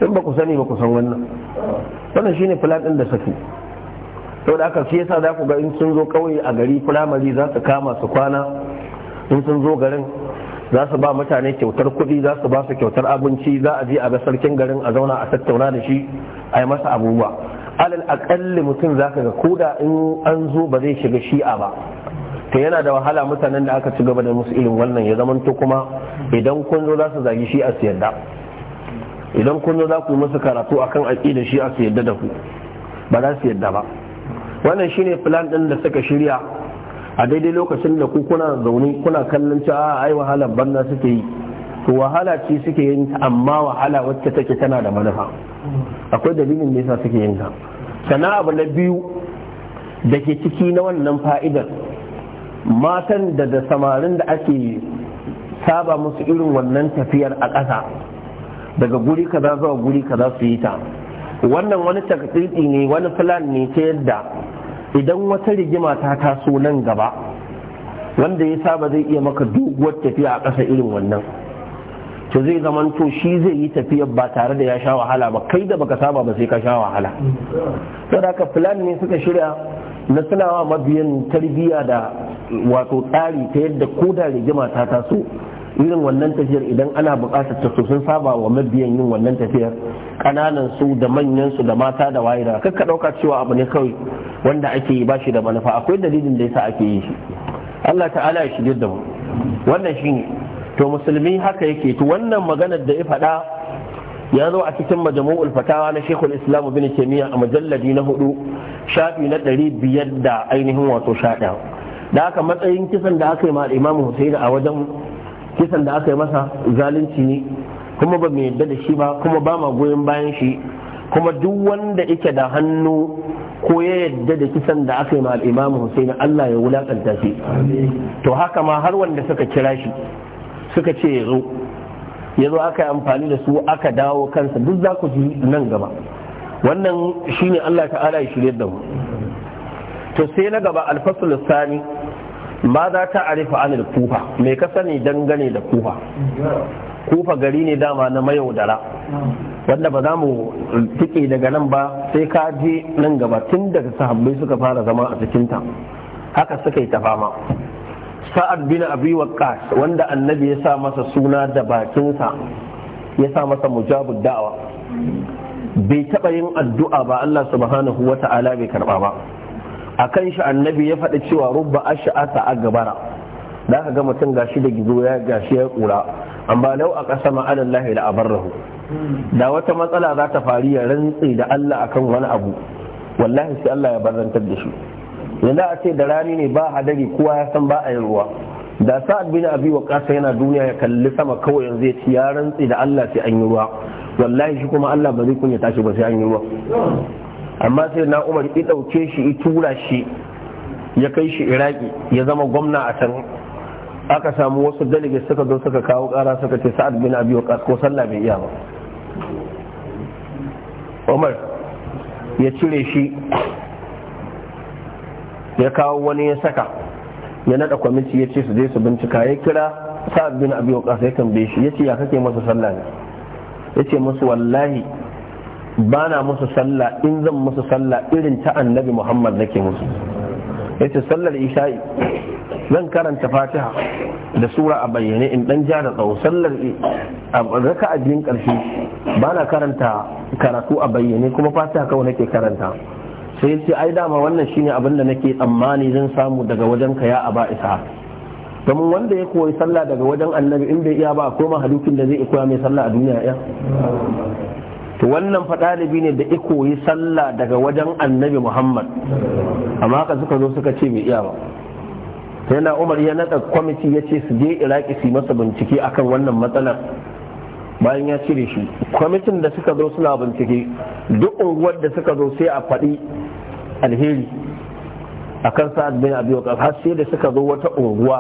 in ba ku sani ba ku san wannan wannan shine plan din da suke to da aka yasa za ku ga in sun zo ƙauye a gari firamare za su kama su kwana in sun zo garin za su ba mutane kyautar kuɗi za su ba su kyautar abinci za a je a ga sarkin garin a zauna a tattauna da shi a yi masa abubuwa alal aƙalli mutum za ka ga koda in an zo ba zai shiga shi'a ba to yana da wahala mutanen da aka ci gaba da musu irin wannan ya zamanto kuma idan kun zo za su zagi shi a siyadda idan kun zo za ku yi musu karatu akan da shi a siyadda da ku ba za su yadda ba wannan shine filan ɗin da suka shirya a daidai lokacin da ku kuna zaune kuna kallon cewa ai wahala banna suke yi to wahala ci suke yin amma wahala wacce take tana da manufa akwai dalilin da yasa suke yin ta sannan abu na biyu da ke ciki na wannan fa'idar matan da da samarin da ake saba musu irin wannan tafiyar a ƙasa daga guri kaza zuwa guri kaza su yi ta wannan wani takatiti ne wani filan ne ta yadda idan wata rigima ta taso nan gaba wanda ya saba zai iya maka doguwar tafiya a ƙasa irin wannan to zai zaman to shi zai yi tafiyar ba tare da ya sha wahala ba kai da baka saba ba sai ka sha wahala saboda haka filan ne suka shirya na sanawa mabiyan tarbiyya da wato tsari ta yadda ko da rigima ta taso irin wannan tafiyar idan ana bukatar ta so sun saba wa mabiyan yin wannan tafiyar ƙananan su da manyan su da mata da waye da kakka ɗauka cewa abu ne kawai wanda ake yi bashi da manufa akwai dalilin da yasa ake yi shi Allah ta'ala ya shigar da mu wannan shine to musulmi haka yake to wannan maganar da ya faɗa ya zo a cikin majmu'ul fatawa na shekul islam bin kemiya a mujalladi na hudu shafi na ɗari biyar da ainihin wato sha ɗaya da aka matsayin kisan da aka yi ma imam husaini a wajen kisan da aka yi masa zalunci ne kuma ba mu yadda da shi ba kuma ba ma goyon bayan shi kuma duk wanda ike da hannu ko ya yadda da kisan da aka yi ma imam Hussein Allah ya wulakanta shi to haka ma har wanda suka kira shi suka ce ya zo ya zo aka yi amfani da su aka dawo kansa duk za ku ji nan gaba wannan shine Allah ta'ala ya shirye da mu to sai na gaba alfasul sani ma za ta arifa anil kufa me ka sani dangane da kufa kufa gari ne dama na mayaudara wanda ba za mu tike daga nan ba sai ka je nan gaba tun daga sahabbai suka fara zama a cikinta haka suka yi ta fama sa'ad bin abi waqqas wanda annabi ya sa masa suna da bakinsa ya sa masa mujabud da'awa bai taɓa yin addu'a ba Allah subhanahu wa ta'ala bai karɓa ba a kan shi annabi ya faɗi cewa rubba ash'ata a gabara da aka ga mutum gashi da gizo ya gashi ya kura amma lau a ƙasa ma'anar lahi da abarrahu da wata matsala za ta faru ya rantsi da Allah akan wani abu wallahi sai Allah ya barantar da shi yanzu a ce da rani ne ba hadari kowa ya san ba a yin ruwa da sa'ad bin abi kasa yana duniya ya kalli sama kawai yanzu ya ci ya rantsi da Allah sai an yi ruwa wallahi shi kuma Allah ba zai kunya tashi ba sai an yi ruwa amma sai na Umar ki dauke shi i tura shi ya kai shi Iraki ya zama gwamna a can aka samu wasu dalibai suka zo suka kawo kara suka ce sa'ad bin abi waqas ko sallah bai iya ba Umar ya cire shi ya kawo wani ya saka ya nada kwamiti ya ce su je su bincika ya kira sa'ad bin abi waqas ya tambaye shi Ya ce ya kake masa sallah ne Ya ce musu wallahi ba na musu sallah in zan musu sallah irin ta annabi muhammad nake musu Ya ce sallar isha'i zan karanta fatiha da sura a bayyane in dan ja da tsawo sallar raka a biyun karshe ba karanta karatu a bayyane kuma fatiha kawai nake karanta sai ce ai dama wannan shine abin da nake tsammani zan samu daga wajen ka ya ba isa domin wanda ya koyi sallah daga wajen annabi in bai iya ba a koma mahalukin da zai koya mai sallah a duniya ya to wannan faɗalibi ne da ya koyi sallah daga wajen annabi muhammad amma haka suka zo suka ce bai iya ba sai na umar ya naɗa kwamiti ya ce su je iraki su masa bincike akan wannan matsalar bayan ya cire shi kwamitin da suka zo suna bincike duk unguwar da suka zo sai a faɗi alheri a kan sa'ad bin abi waqas har sai da suka zo wata unguwa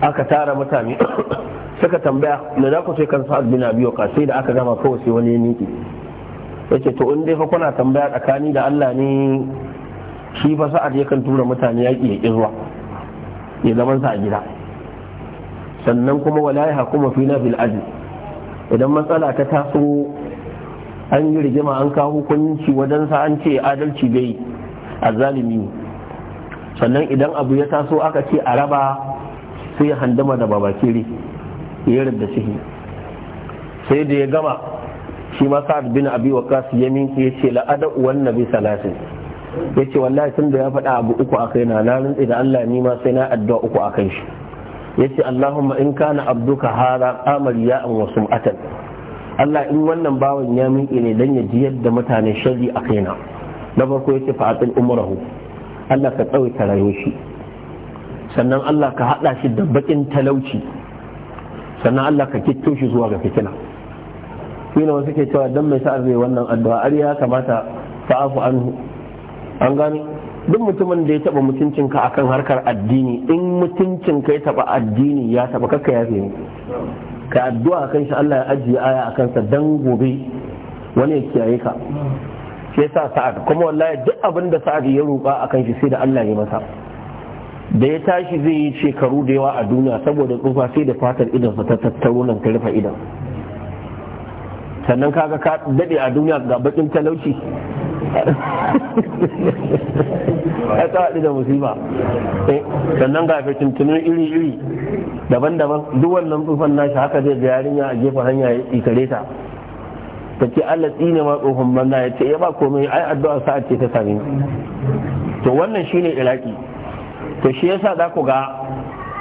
aka tara mutane suka tambaya me za ku sai kan sa'ad bin abi waqas sai da aka gama kawai sai wani ya miƙe yace to in dai fa kuna tambaya tsakani da Allah ne shi fa sa'ad yakan tura mutane yaƙi ya ƙi zuwa ya zaman sa a gida sannan kuma wala ya hakuma fi na ajl idan matsala ta taso an yi rigima an kawo hukunci wajen sa an ce adalci bai a zalimi sannan idan abu ya taso aka ce a raba sai ya handama da babakiri ya yarda shi sai da ya gama shi ma sa'ad bin abi kasu ya minki ya ce la'ada wan nabi salasin ce wallahi da ya faɗa abu uku akai na na rantsi da Allah ni ma sai na addu'a uku a kai shi yace Allahumma in kana abduka hada qamar ya'an wa sum'atan Allah in wannan bawan ya miƙe ne dan ya ji yadda mutane sharri a kaina na farko yace fa atil umrahu Allah ka ta rayu shi sannan Allah ka hada shi da bakin talauci sannan Allah ka kitto shi zuwa ga fitina shi ne wasu ke cewa dan mai sa'ar zai wannan addu'a ar ya kamata fa'afu anhu an gani duk mutumin da ya taba mutuncinka akan harkar addini in mutuncinka ya taba addini ya taba kakka ya fiye ka addu'a kan shi Allah ya ajiye aya akan sa dan gobe wani ya kiyaye ka sai sa sa'ad kuma wallahi duk abin da sa'ad ya roƙa akan shi sai da Allah ya masa da ya tashi zai yi shekaru da yawa a duniya saboda tsufa sai da fatar idan sa ta tattaro nan ta rufe idan sannan kaga ka dade a duniya ga bakin talauci ya haɗu da musiba eh, sannan ga tuntunin iri-iri daban-daban duk wannan tsufan nashi haka zai ga yarinya a gefen hanya ya ikare ta ta ce allah tsine ma tsohon banna ya ce ya eh, ba komai ai addu'a sa'ad ce ta sami to wannan shine iraki to shi yasa za ku ga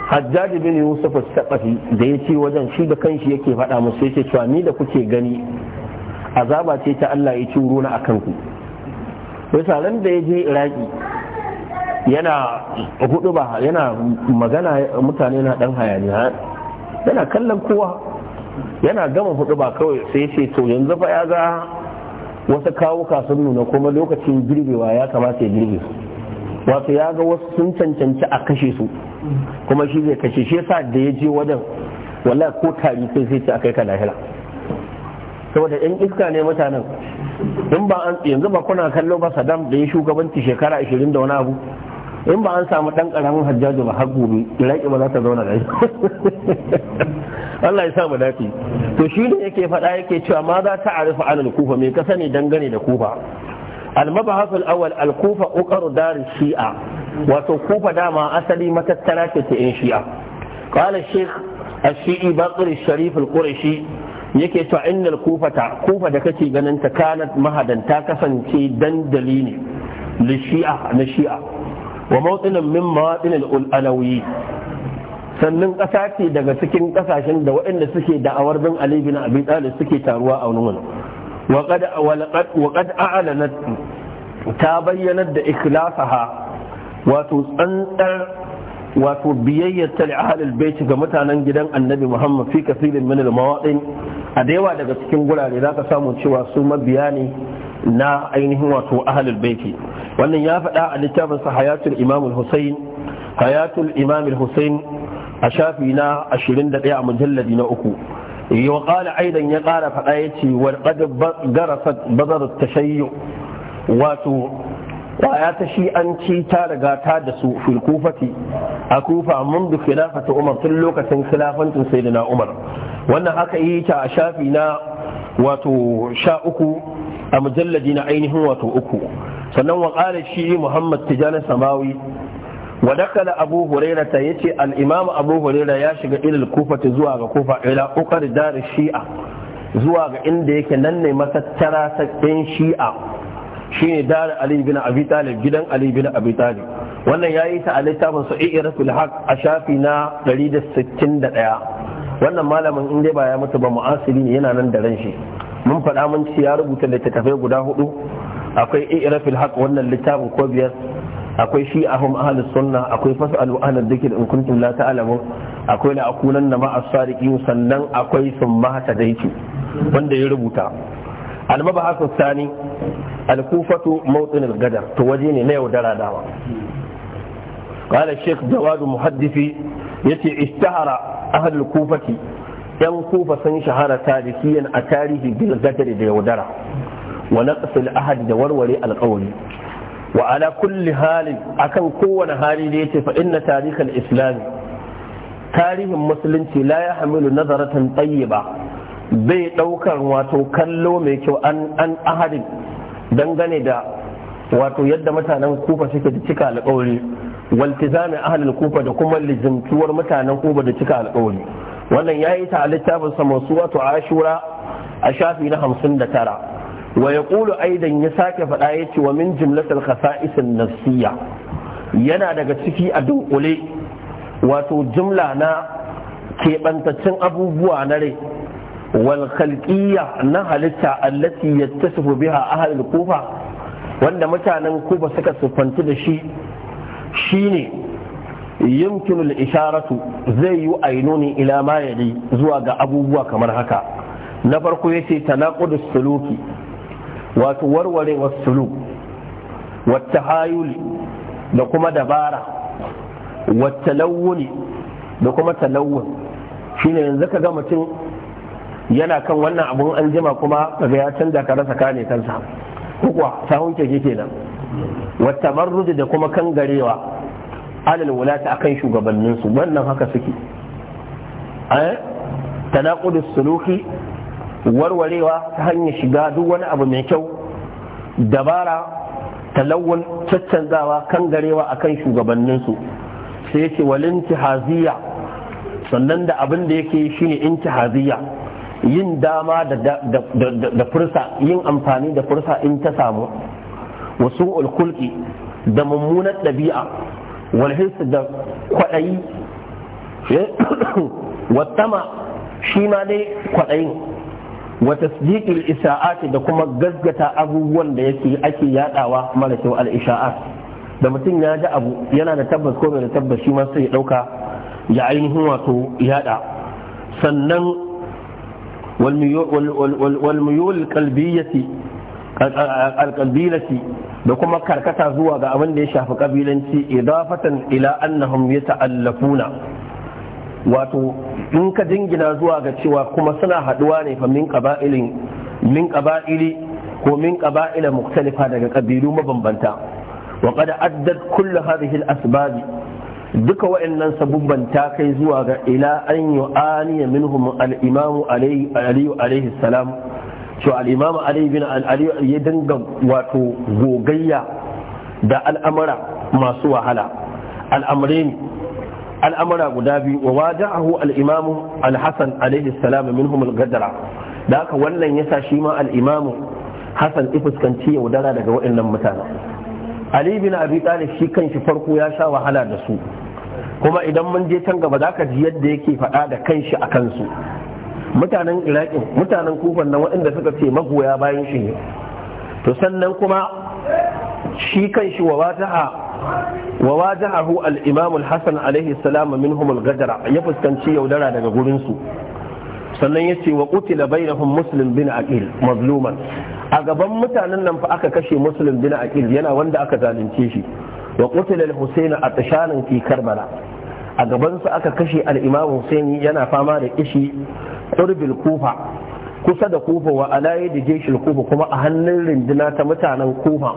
hajjaji bin yusuf sakafi da ya ce wajen shi da kanshi yake faɗa musu yake cewa ni da kuke gani azaba ce ta allah ya ci na akan ku misalan da ya je iraki yana hudu ba yana magana mutane na dan hayaniya yana kallon kowa yana gama hudu ba kawai sai ce to yanzu fa ya ga wasu kawuka sun nuna kuma lokacin girbewa ya kamata ya girbe su wato ya ga wasu sun cancanci a kashe su kuma shi zai kashe shi yasa da ya je wajen wallahi ko tari sai sai ce kai ka lahira saboda yan iska ne mutanen in ba an yanzu ba kuna kallo ba Saddam da ya shugabanci shekara 20 da wani abu in ba an samu dan karamin hajjaju ba har gobe iraki ba za ta zauna da Allah ya sa mu to shi ne yake faɗa yake cewa ma za ta arifa an kufa me ka sani dangane da kufa al-mabahas al-awwal al-kufa uqar dar shi'a wato kufa dama asali matattara ce ta yan shi'a qala shaykh الشيعي باقر الشريف القرشي yake cewa innal kufata kufa da kake ganin ta kanat mahadan ta kasance dandali ne shi'a na shi'a wa mawtinin min al alawi sannan ƙasa daga cikin ƙasashen da waɗanda suke da'awar bin ali bin abi talib suke taruwa a wa qad wa qad a'lanat ta bayyana da ikhlasaha wato tsantsar wato biyayyar tali ahalil baiti ga mutanen gidan annabi muhammad fi kasirin min mawaɗin a da yawa daga cikin gurare za ka samu cewa su mabiya ne na ainihin wato ahalil baiti wannan ya faɗa a littafin sa hayatul imam husayn hayatul imam a shafi na 21 a mujalladi na uku wa kala aidan ya kara faɗa ce wal qad garasat bazar tashayyu wato kwaya ta shi an ci ta riga ta da su fil kufati a kufa mundu khilafatu umar tun lokacin khilafancin sayyidina umar wannan aka yi ta a shafi na wato sha uku a mujalladi na ainihin wato uku sannan wa qala shi muhammad tijani samawi wa dakala abu huraira ta yace al imam abu huraira ya shiga ilal kufati zuwa ga kufa ila uqar dar shi'a zuwa ga inda yake nan ne matattara sabbin shi'a shine dar ali bin abi talib gidan ali bin abi talib wannan yayi ta a littafin sa'iratul haq a shafi na 161 wannan malamin in dai ba ya mutu ba mu'asiri ne yana nan da ran shi mun faɗa mun ci ya rubuta littattafai guda hudu akwai i'rafil haq wannan littafin ko biyar akwai shi ahum ahlus sunna akwai fasalu ahlud dhikr in kuntum la ta'lamun akwai la akunan na as-sadiqin sannan akwai summa tadaiki wanda ya rubuta al mabahasu sani alkufatu mawtsin gadar to waje ne na yaudara dawa قال الشيخ muhaddisi ya ce اشتهر أهل الكوفة yan kufa sun shahara tarihiyan a tarihi bil da yaudara wa naqsil ahad da warware alƙawari wa ala kulli halin akan kowane hali da yace fa inna tarikh islam tarihin musulunci la ya hamilu nazaratan tayyiba bai daukar wato kallo mai kyau an an ahadin dangane da wato yadda mutanen kufa suke da cika alƙawari waltizami ahlul kufa da kuma lizimtuwar mutanen kufa da cika alƙawari wannan ya yi ta a littafin sa masu wato ashura a shafi na hamsin da tara wa ya ƙulu aidan ya sake faɗa ya ce wa min jimlatar kasa'isin nafsiyya yana daga ciki a dunkule wato jimla na keɓantaccen abubuwa na rai wal na halitta allati yattasifu biha ahlul kufa wanda mutanen kufa suka sufanci da shi shine yumkinu al-isharatu zai yi ainuni ila ma yali zuwa ga abubuwa kamar haka na farko yace tanaqudus suluki wato warware wasuluk والتحايل da kuma dabara wata launi da kuma talawun shine yanzu ka ga mutum yana kan wannan abun an jima kuma kaga ya canza ka rasa kane kansa ko kuwa sahun keke kenan wa tamarrud da kuma kangarewa alal wulata akan shugabannin su wannan haka suke eh tanaqudus suluki warwarewa ta hanyar shiga duk wani abu mai kyau dabara talawun caccanzawa kangarewa akan shugabannin su sai yace haziya sannan da abin da yake shine intihaziya yin dama da fursa yin amfani da fursa in ta samu wasu ulkulki da mummunar ɗabi'a walhinsu da kwaɗayi eh, wattama shi ma dai kwaɗayin wata sidiƙil isha'ati da kuma gasgata abubuwan da yake ake yaɗawa mara kyau al'isha'at da mutum ya ji abu yana da tabbas ko da tabbas shi ma sai ya ɗauka ya ainihin wato yaɗa sannan walmuyul kalbiyati alƙabilati da kuma karkata zuwa ga abin da ya shafi ƙabilanci idafatan ila annahum ya ta'allafuna wato in ka jingina zuwa ga cewa kuma suna haɗuwa ne fa min ƙaba'ilin min ƙaba'ili muktalifa daga ƙabilu mabambanta wa qad addat kullu hadhihi al-asbab duka wa'annan sabubban ta kai zuwa ga ila an yi aniya minhum al-imam aliyu alaihi salam to al-imam aliyu bin aliyu ya dinga wato gogayya da al'amara masu wahala al'amrin al'amara guda biyu wa waja'ahu al-imam al-hasan alaihi salam minhum al-gadara da haka wannan yasa shi ma al-imam hasan ifuskanci yaudara daga wa'annan mutanen ali bin abi talib shi kanshi farko ya sha wahala da su kuma idan mun je can gaba za ka ji yadda yake faɗa da kanshi a kansu mutanen iraƙin mutanen kufan nan waɗanda suka ce magoya bayan shi ne to sannan kuma shi kanshi wa wata'a وواجهه الإمام الحسن عليه السلام منهم Gadara, ya fuskanci yaudara daga gurin su sannan yace wa qutila bainahum muslim bin aqil mazluman a gaban mutanen nan fa aka kashe muslim bin aqil yana wanda aka zalunce shi wa qutila al-husayn atshanan fi karbala a gaban su aka kashe al-imam husayn yana fama da kishi qurbil kufa kusa da kufa wa alayi da jeshin kufa kuma a hannun rinduna ta mutanen kufa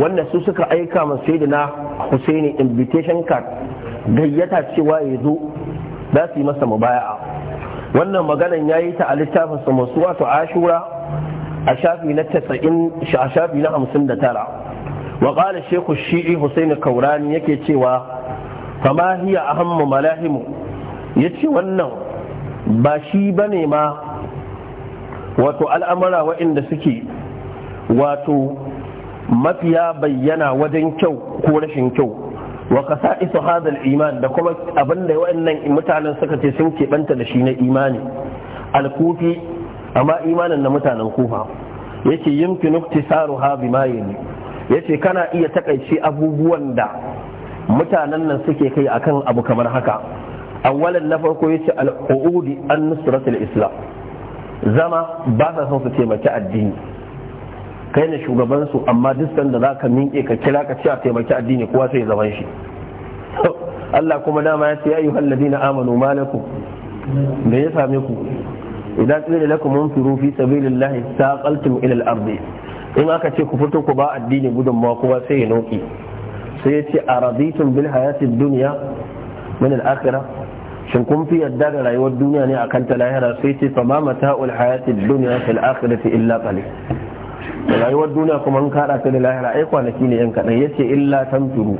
wanda su suka aika ma sayyidina husayn invitation card gayyata cewa ya zo za su yi masa mubaya'a wannan maganan yayi ta a littafin masu wato ashura a shafi na 90 a shafi na 59 wa qala shaykhu shi'i husain kaurani yake cewa kama a hamma malahimu yace wannan ba shi bane ma wato al'amura waɗanda suke wato mafiya bayyana wajen kyau ko rashin kyau wa isa hadal iman da kuma abinda waɗannan mutanen suka ce sun keɓanta da shi na imani al-kufi amma imanin na mutanen kufa yace yumkinu iktisaruha bima yani yace kana iya takaice abubuwan da mutanen nan suke kai akan abu kamar haka awwalan na farko yace al-uudi an nusratul islam zama ba sa son su taimaki addini kai ne shugaban su amma duk da zaka minke ka kira ka a taimaki addini kowa sai zaman shi Allah kuma dama ya ce ya ayyuhal ladina amanu malakum me ya same ku idan qila lakum munfiru fi sabilillahi saqaltum ila al-ard in aka ce ku fito ku ba addini gudunmawa kowa sai ya noki sai ya ce araditum bil hayati dunya min al-akhirah shin kun fi yadda da rayuwar duniya ne akan ta lahira sai ce fa ma mata'ul hayati dunya fil akhirati illa qalil rayuwar duniya kuma an kada ta da lahira ai kwanaki ne yan kadan yace illa tanturu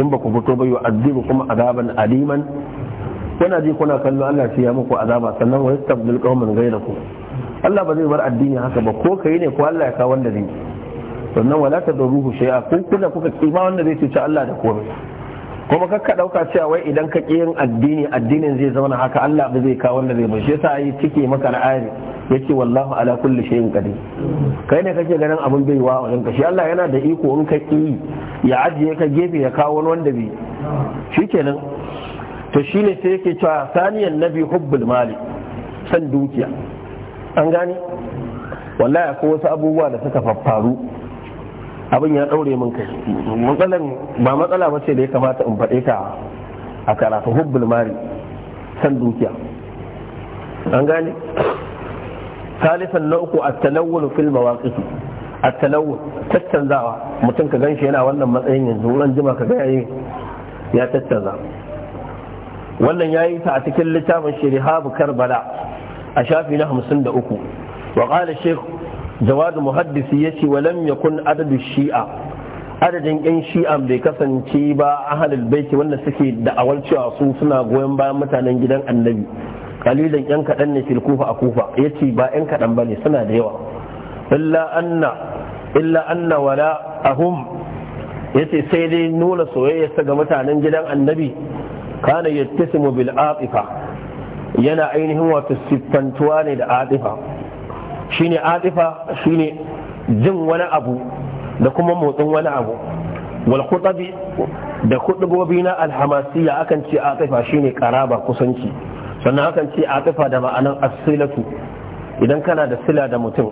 in ba ku fito ba yu'adhibu kuma azaban aliman kuna ji kuna kallo Allah sai ya muku azaba sannan wa yastabdil qauman ghayrakum Allah ba zai bar addini haka ba ko kai ne ko Allah ya kawo wanda zai sannan wala ta shay'a ko kuna kuka kima wanda zai cuci Allah da komai kuma kakka dauka cewa wai idan ka yin addini addinin zai zama haka Allah ba zai kawo wanda zai ba. shi yasa yi cike maka al'ayar yace wallahu ala kulli shay'in qadir kai ne kake ganin abun bai wa wajen ka shi Allah yana da iko in ka ki ya ajiye ka gefe ya kawo wani wanda bai shikenan to shi ne sai yake cewa saniyan nabi hubbul mali san dukiya an gane wallahi akwai wasu abubuwa da suka faffaru abin ya ɗaure min kai matsalan ba matsala ba ce da ya kamata in faɗe ka a karatu hubbul mali san dukiya an gane salisan na uku a talawul fil mawaqifi a talawul tattanzawa mutum ka ganshi yana wannan matsayin yanzu wurin jima ka ga yayi ya tattanza wannan ya yi ta a cikin littafin shirihabu karbala a shafi na hamsin da uku wa ƙala sheikh jawadu muhaddisi ya ce wa lam yakun adadu shi'a adadin yan shi'a bai kasance ba ahalul baiti wanda suke da'awar cewa su suna goyon bayan mutanen gidan annabi kalilan yan kaɗan ne fil kufa a kufa ya ce ba yan kaɗan ba suna da yawa illa anna illa anna wala ahum ya ce sai dai nuna soyayya ga mutanen gidan annabi kana yattasimu bil atifa yana ainihin wato siffantuwa ne da atifa shine atifa shine jin wani abu da kuma motsin wani abu da kudubobi na alhamasiya akan ce atifa shine karaba kusanci sannan akan ce atifa da ma'anan asilatu idan kana da sila da mutum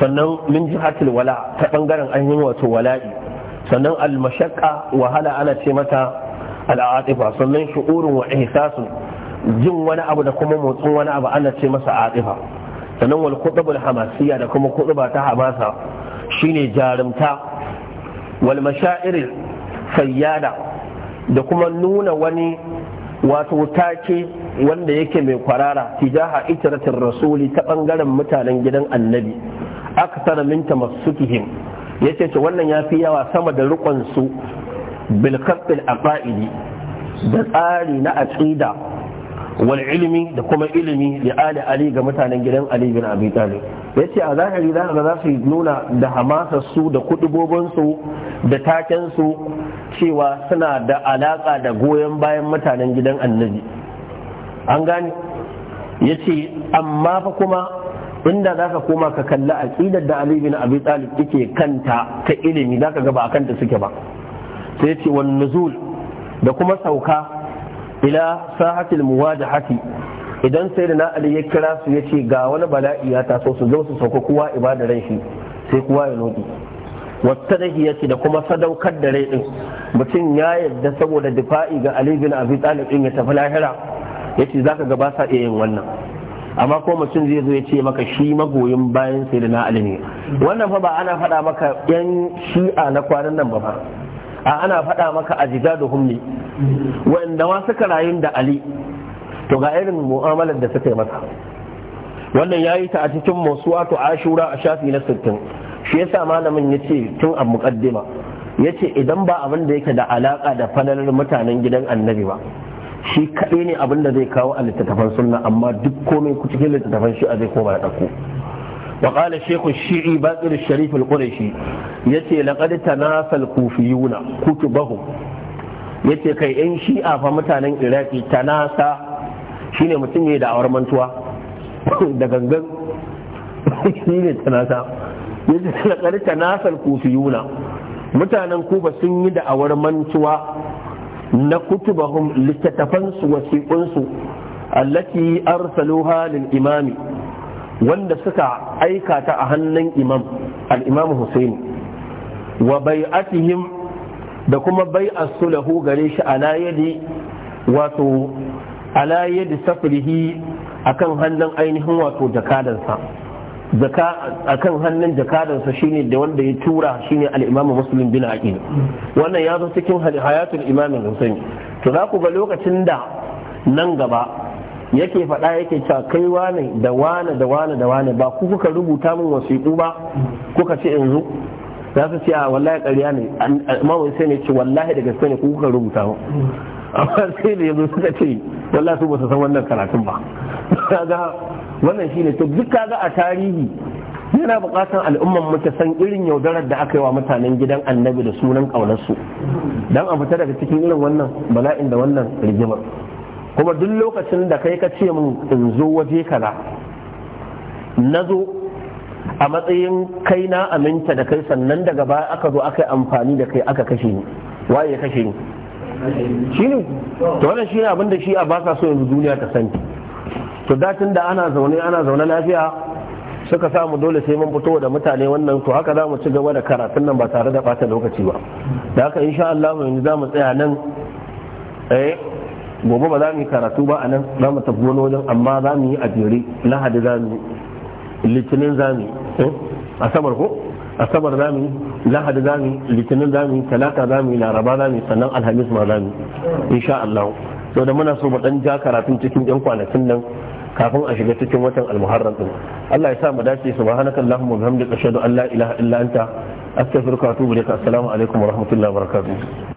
sannan min jihatil wala ta bangaren ainihin wato wala'i sannan almashakka wahala ana ce mata al'atifa sannan shu'urun wa ihsasun jin wani abu da kuma motsin wani abu ana ce masa atifa sannan wal kutubul hamasiyya da kuma kutuba ta hamasa shine jarumta wal mashair sayyada da kuma nuna wani wato take wanda yake mai kwarara tijaha itiratin rasuli ta bangaren mutanen gidan annabi aksara min tamassukihim yace to wannan yafi yawa sama da rukon su bilkafin aqaidi da tsari na aqida wal ilimi da kuma ilimi da ali ali ga mutanen gidan ali bin abi talib yace a zahiri za ga za su nuna da hamasar su da kudubobin su da taken su cewa suna da alaka da goyon bayan mutanen gidan annabi an gane yace amma fa kuma inda za ka koma ka kalli aƙidar da Ali bin Abi Talib yake kanta ta ilimi za ka ga ba a kanta suke ba sai ce wan nuzul da kuma sauka ila sahatil muwajahati idan sai da na ali ya kira su ya ce ga wani bala'i ya taso su zo su sauka kowa ibada ran shi sai kowa ya nodi wata ya ce da kuma sadaukar da rai din mutum ya yarda saboda difa'i ga ali bin abi talib ya tafi lahira ya ce zaka ga ba sa iya yin wannan amma ko mutum zai zo ya ce maka shi magoyin bayan sai da na ali ne wannan fa ba ana faɗa maka yan shi'a na kwanan nan ba fa a ana faɗa maka a da humni wanda ma suka rayun da ali to ga irin mu'amalar da suka yi masa wannan ya yi ta a cikin masuwatu ashura a shafi na sittin shi yasa malamin ya ce tun a muƙaddima ya ce idan ba abin da yake da alaƙa da falalar mutanen gidan annabi ba shi kaɗai ne abin da zai kawo a littattafan sunna amma duk komai cikin littattafan shi a zai koma da ɗauko وقال الشيخ الشيعي باقر الشريف القرشي يتي لقد تنافى الكوفيون كتبهم yace kai yan shi'a fa mutanen iraki tanasa shine mutum ya da awar mantuwa da gangan shine tanasa yace laqad tanasal kufiyuna mutanen kufa sun yi da awarman tuwa na kutubahum littattafansu wasiqunsu allati arsaluha lil imami wanda suka aika ta a hannun imam al-imam Husaini wa bai'atihim da kuma bai lahu gare shi ala yadi wato ala yadi safrihi akan hannun ainihin wato jakadansa zaka akan hannun jakadansa shine da wanda ya tura shine al-Imam Muslim bin Aqil wannan ya zo cikin hayatul imamin Hussein to za ku ga lokacin da nan gaba yake faɗa yake cewa kai wane da wane da wane da wane ba ku kuka rubuta min wasiƙu ba kuka ce yanzu za su ce a wallahi ƙarya ne mawai sai ne ce wallahi da gaske ne ku kuka rubuta ba amma sai da yanzu suka ce wallahi su ba su san wannan karatun ba kaga wannan shine to duk kaga a tarihi yana buƙatar al'umman mu san irin yaudarar da aka yi wa mutanen gidan annabi da sunan ƙaunarsu don a fita daga cikin irin wannan bala'in da wannan rigimar kuma duk lokacin da kai ka ce min in zo waje ka na zo a matsayin kai na aminta da kai sannan daga baya aka zo aka yi amfani da kai aka kashe ni waye kashe ni shi ne to wannan shi ne abinda shi a ba sa so yanzu duniya ta sani to datin da ana zaune ana zaune lafiya suka samu dole sai mun fito da mutane wannan to haka za mu ci gaba da karatun nan ba tare da bata lokaci ba da haka insha Allah yanzu za mu tsaya nan eh gobe ba za mu yi karatu ba a nan za mu tafi wani wajen amma za mu yi a jere lahadi za mu litinin za mu asabar ko asabar za mu lahadi za mu litinin za mu talata za mu laraba za mu sannan alhamis ma za mu insha Allah to da muna so mu dan ja karatun cikin yan kwanakin nan kafin a shiga cikin watan almuharram din Allah ya sa mu dace subhanaka wa bihamdika ashhadu an la ilaha illa anta astaghfiruka wa atubu ilaik assalamu alaikum wa rahmatullahi wa barakatuh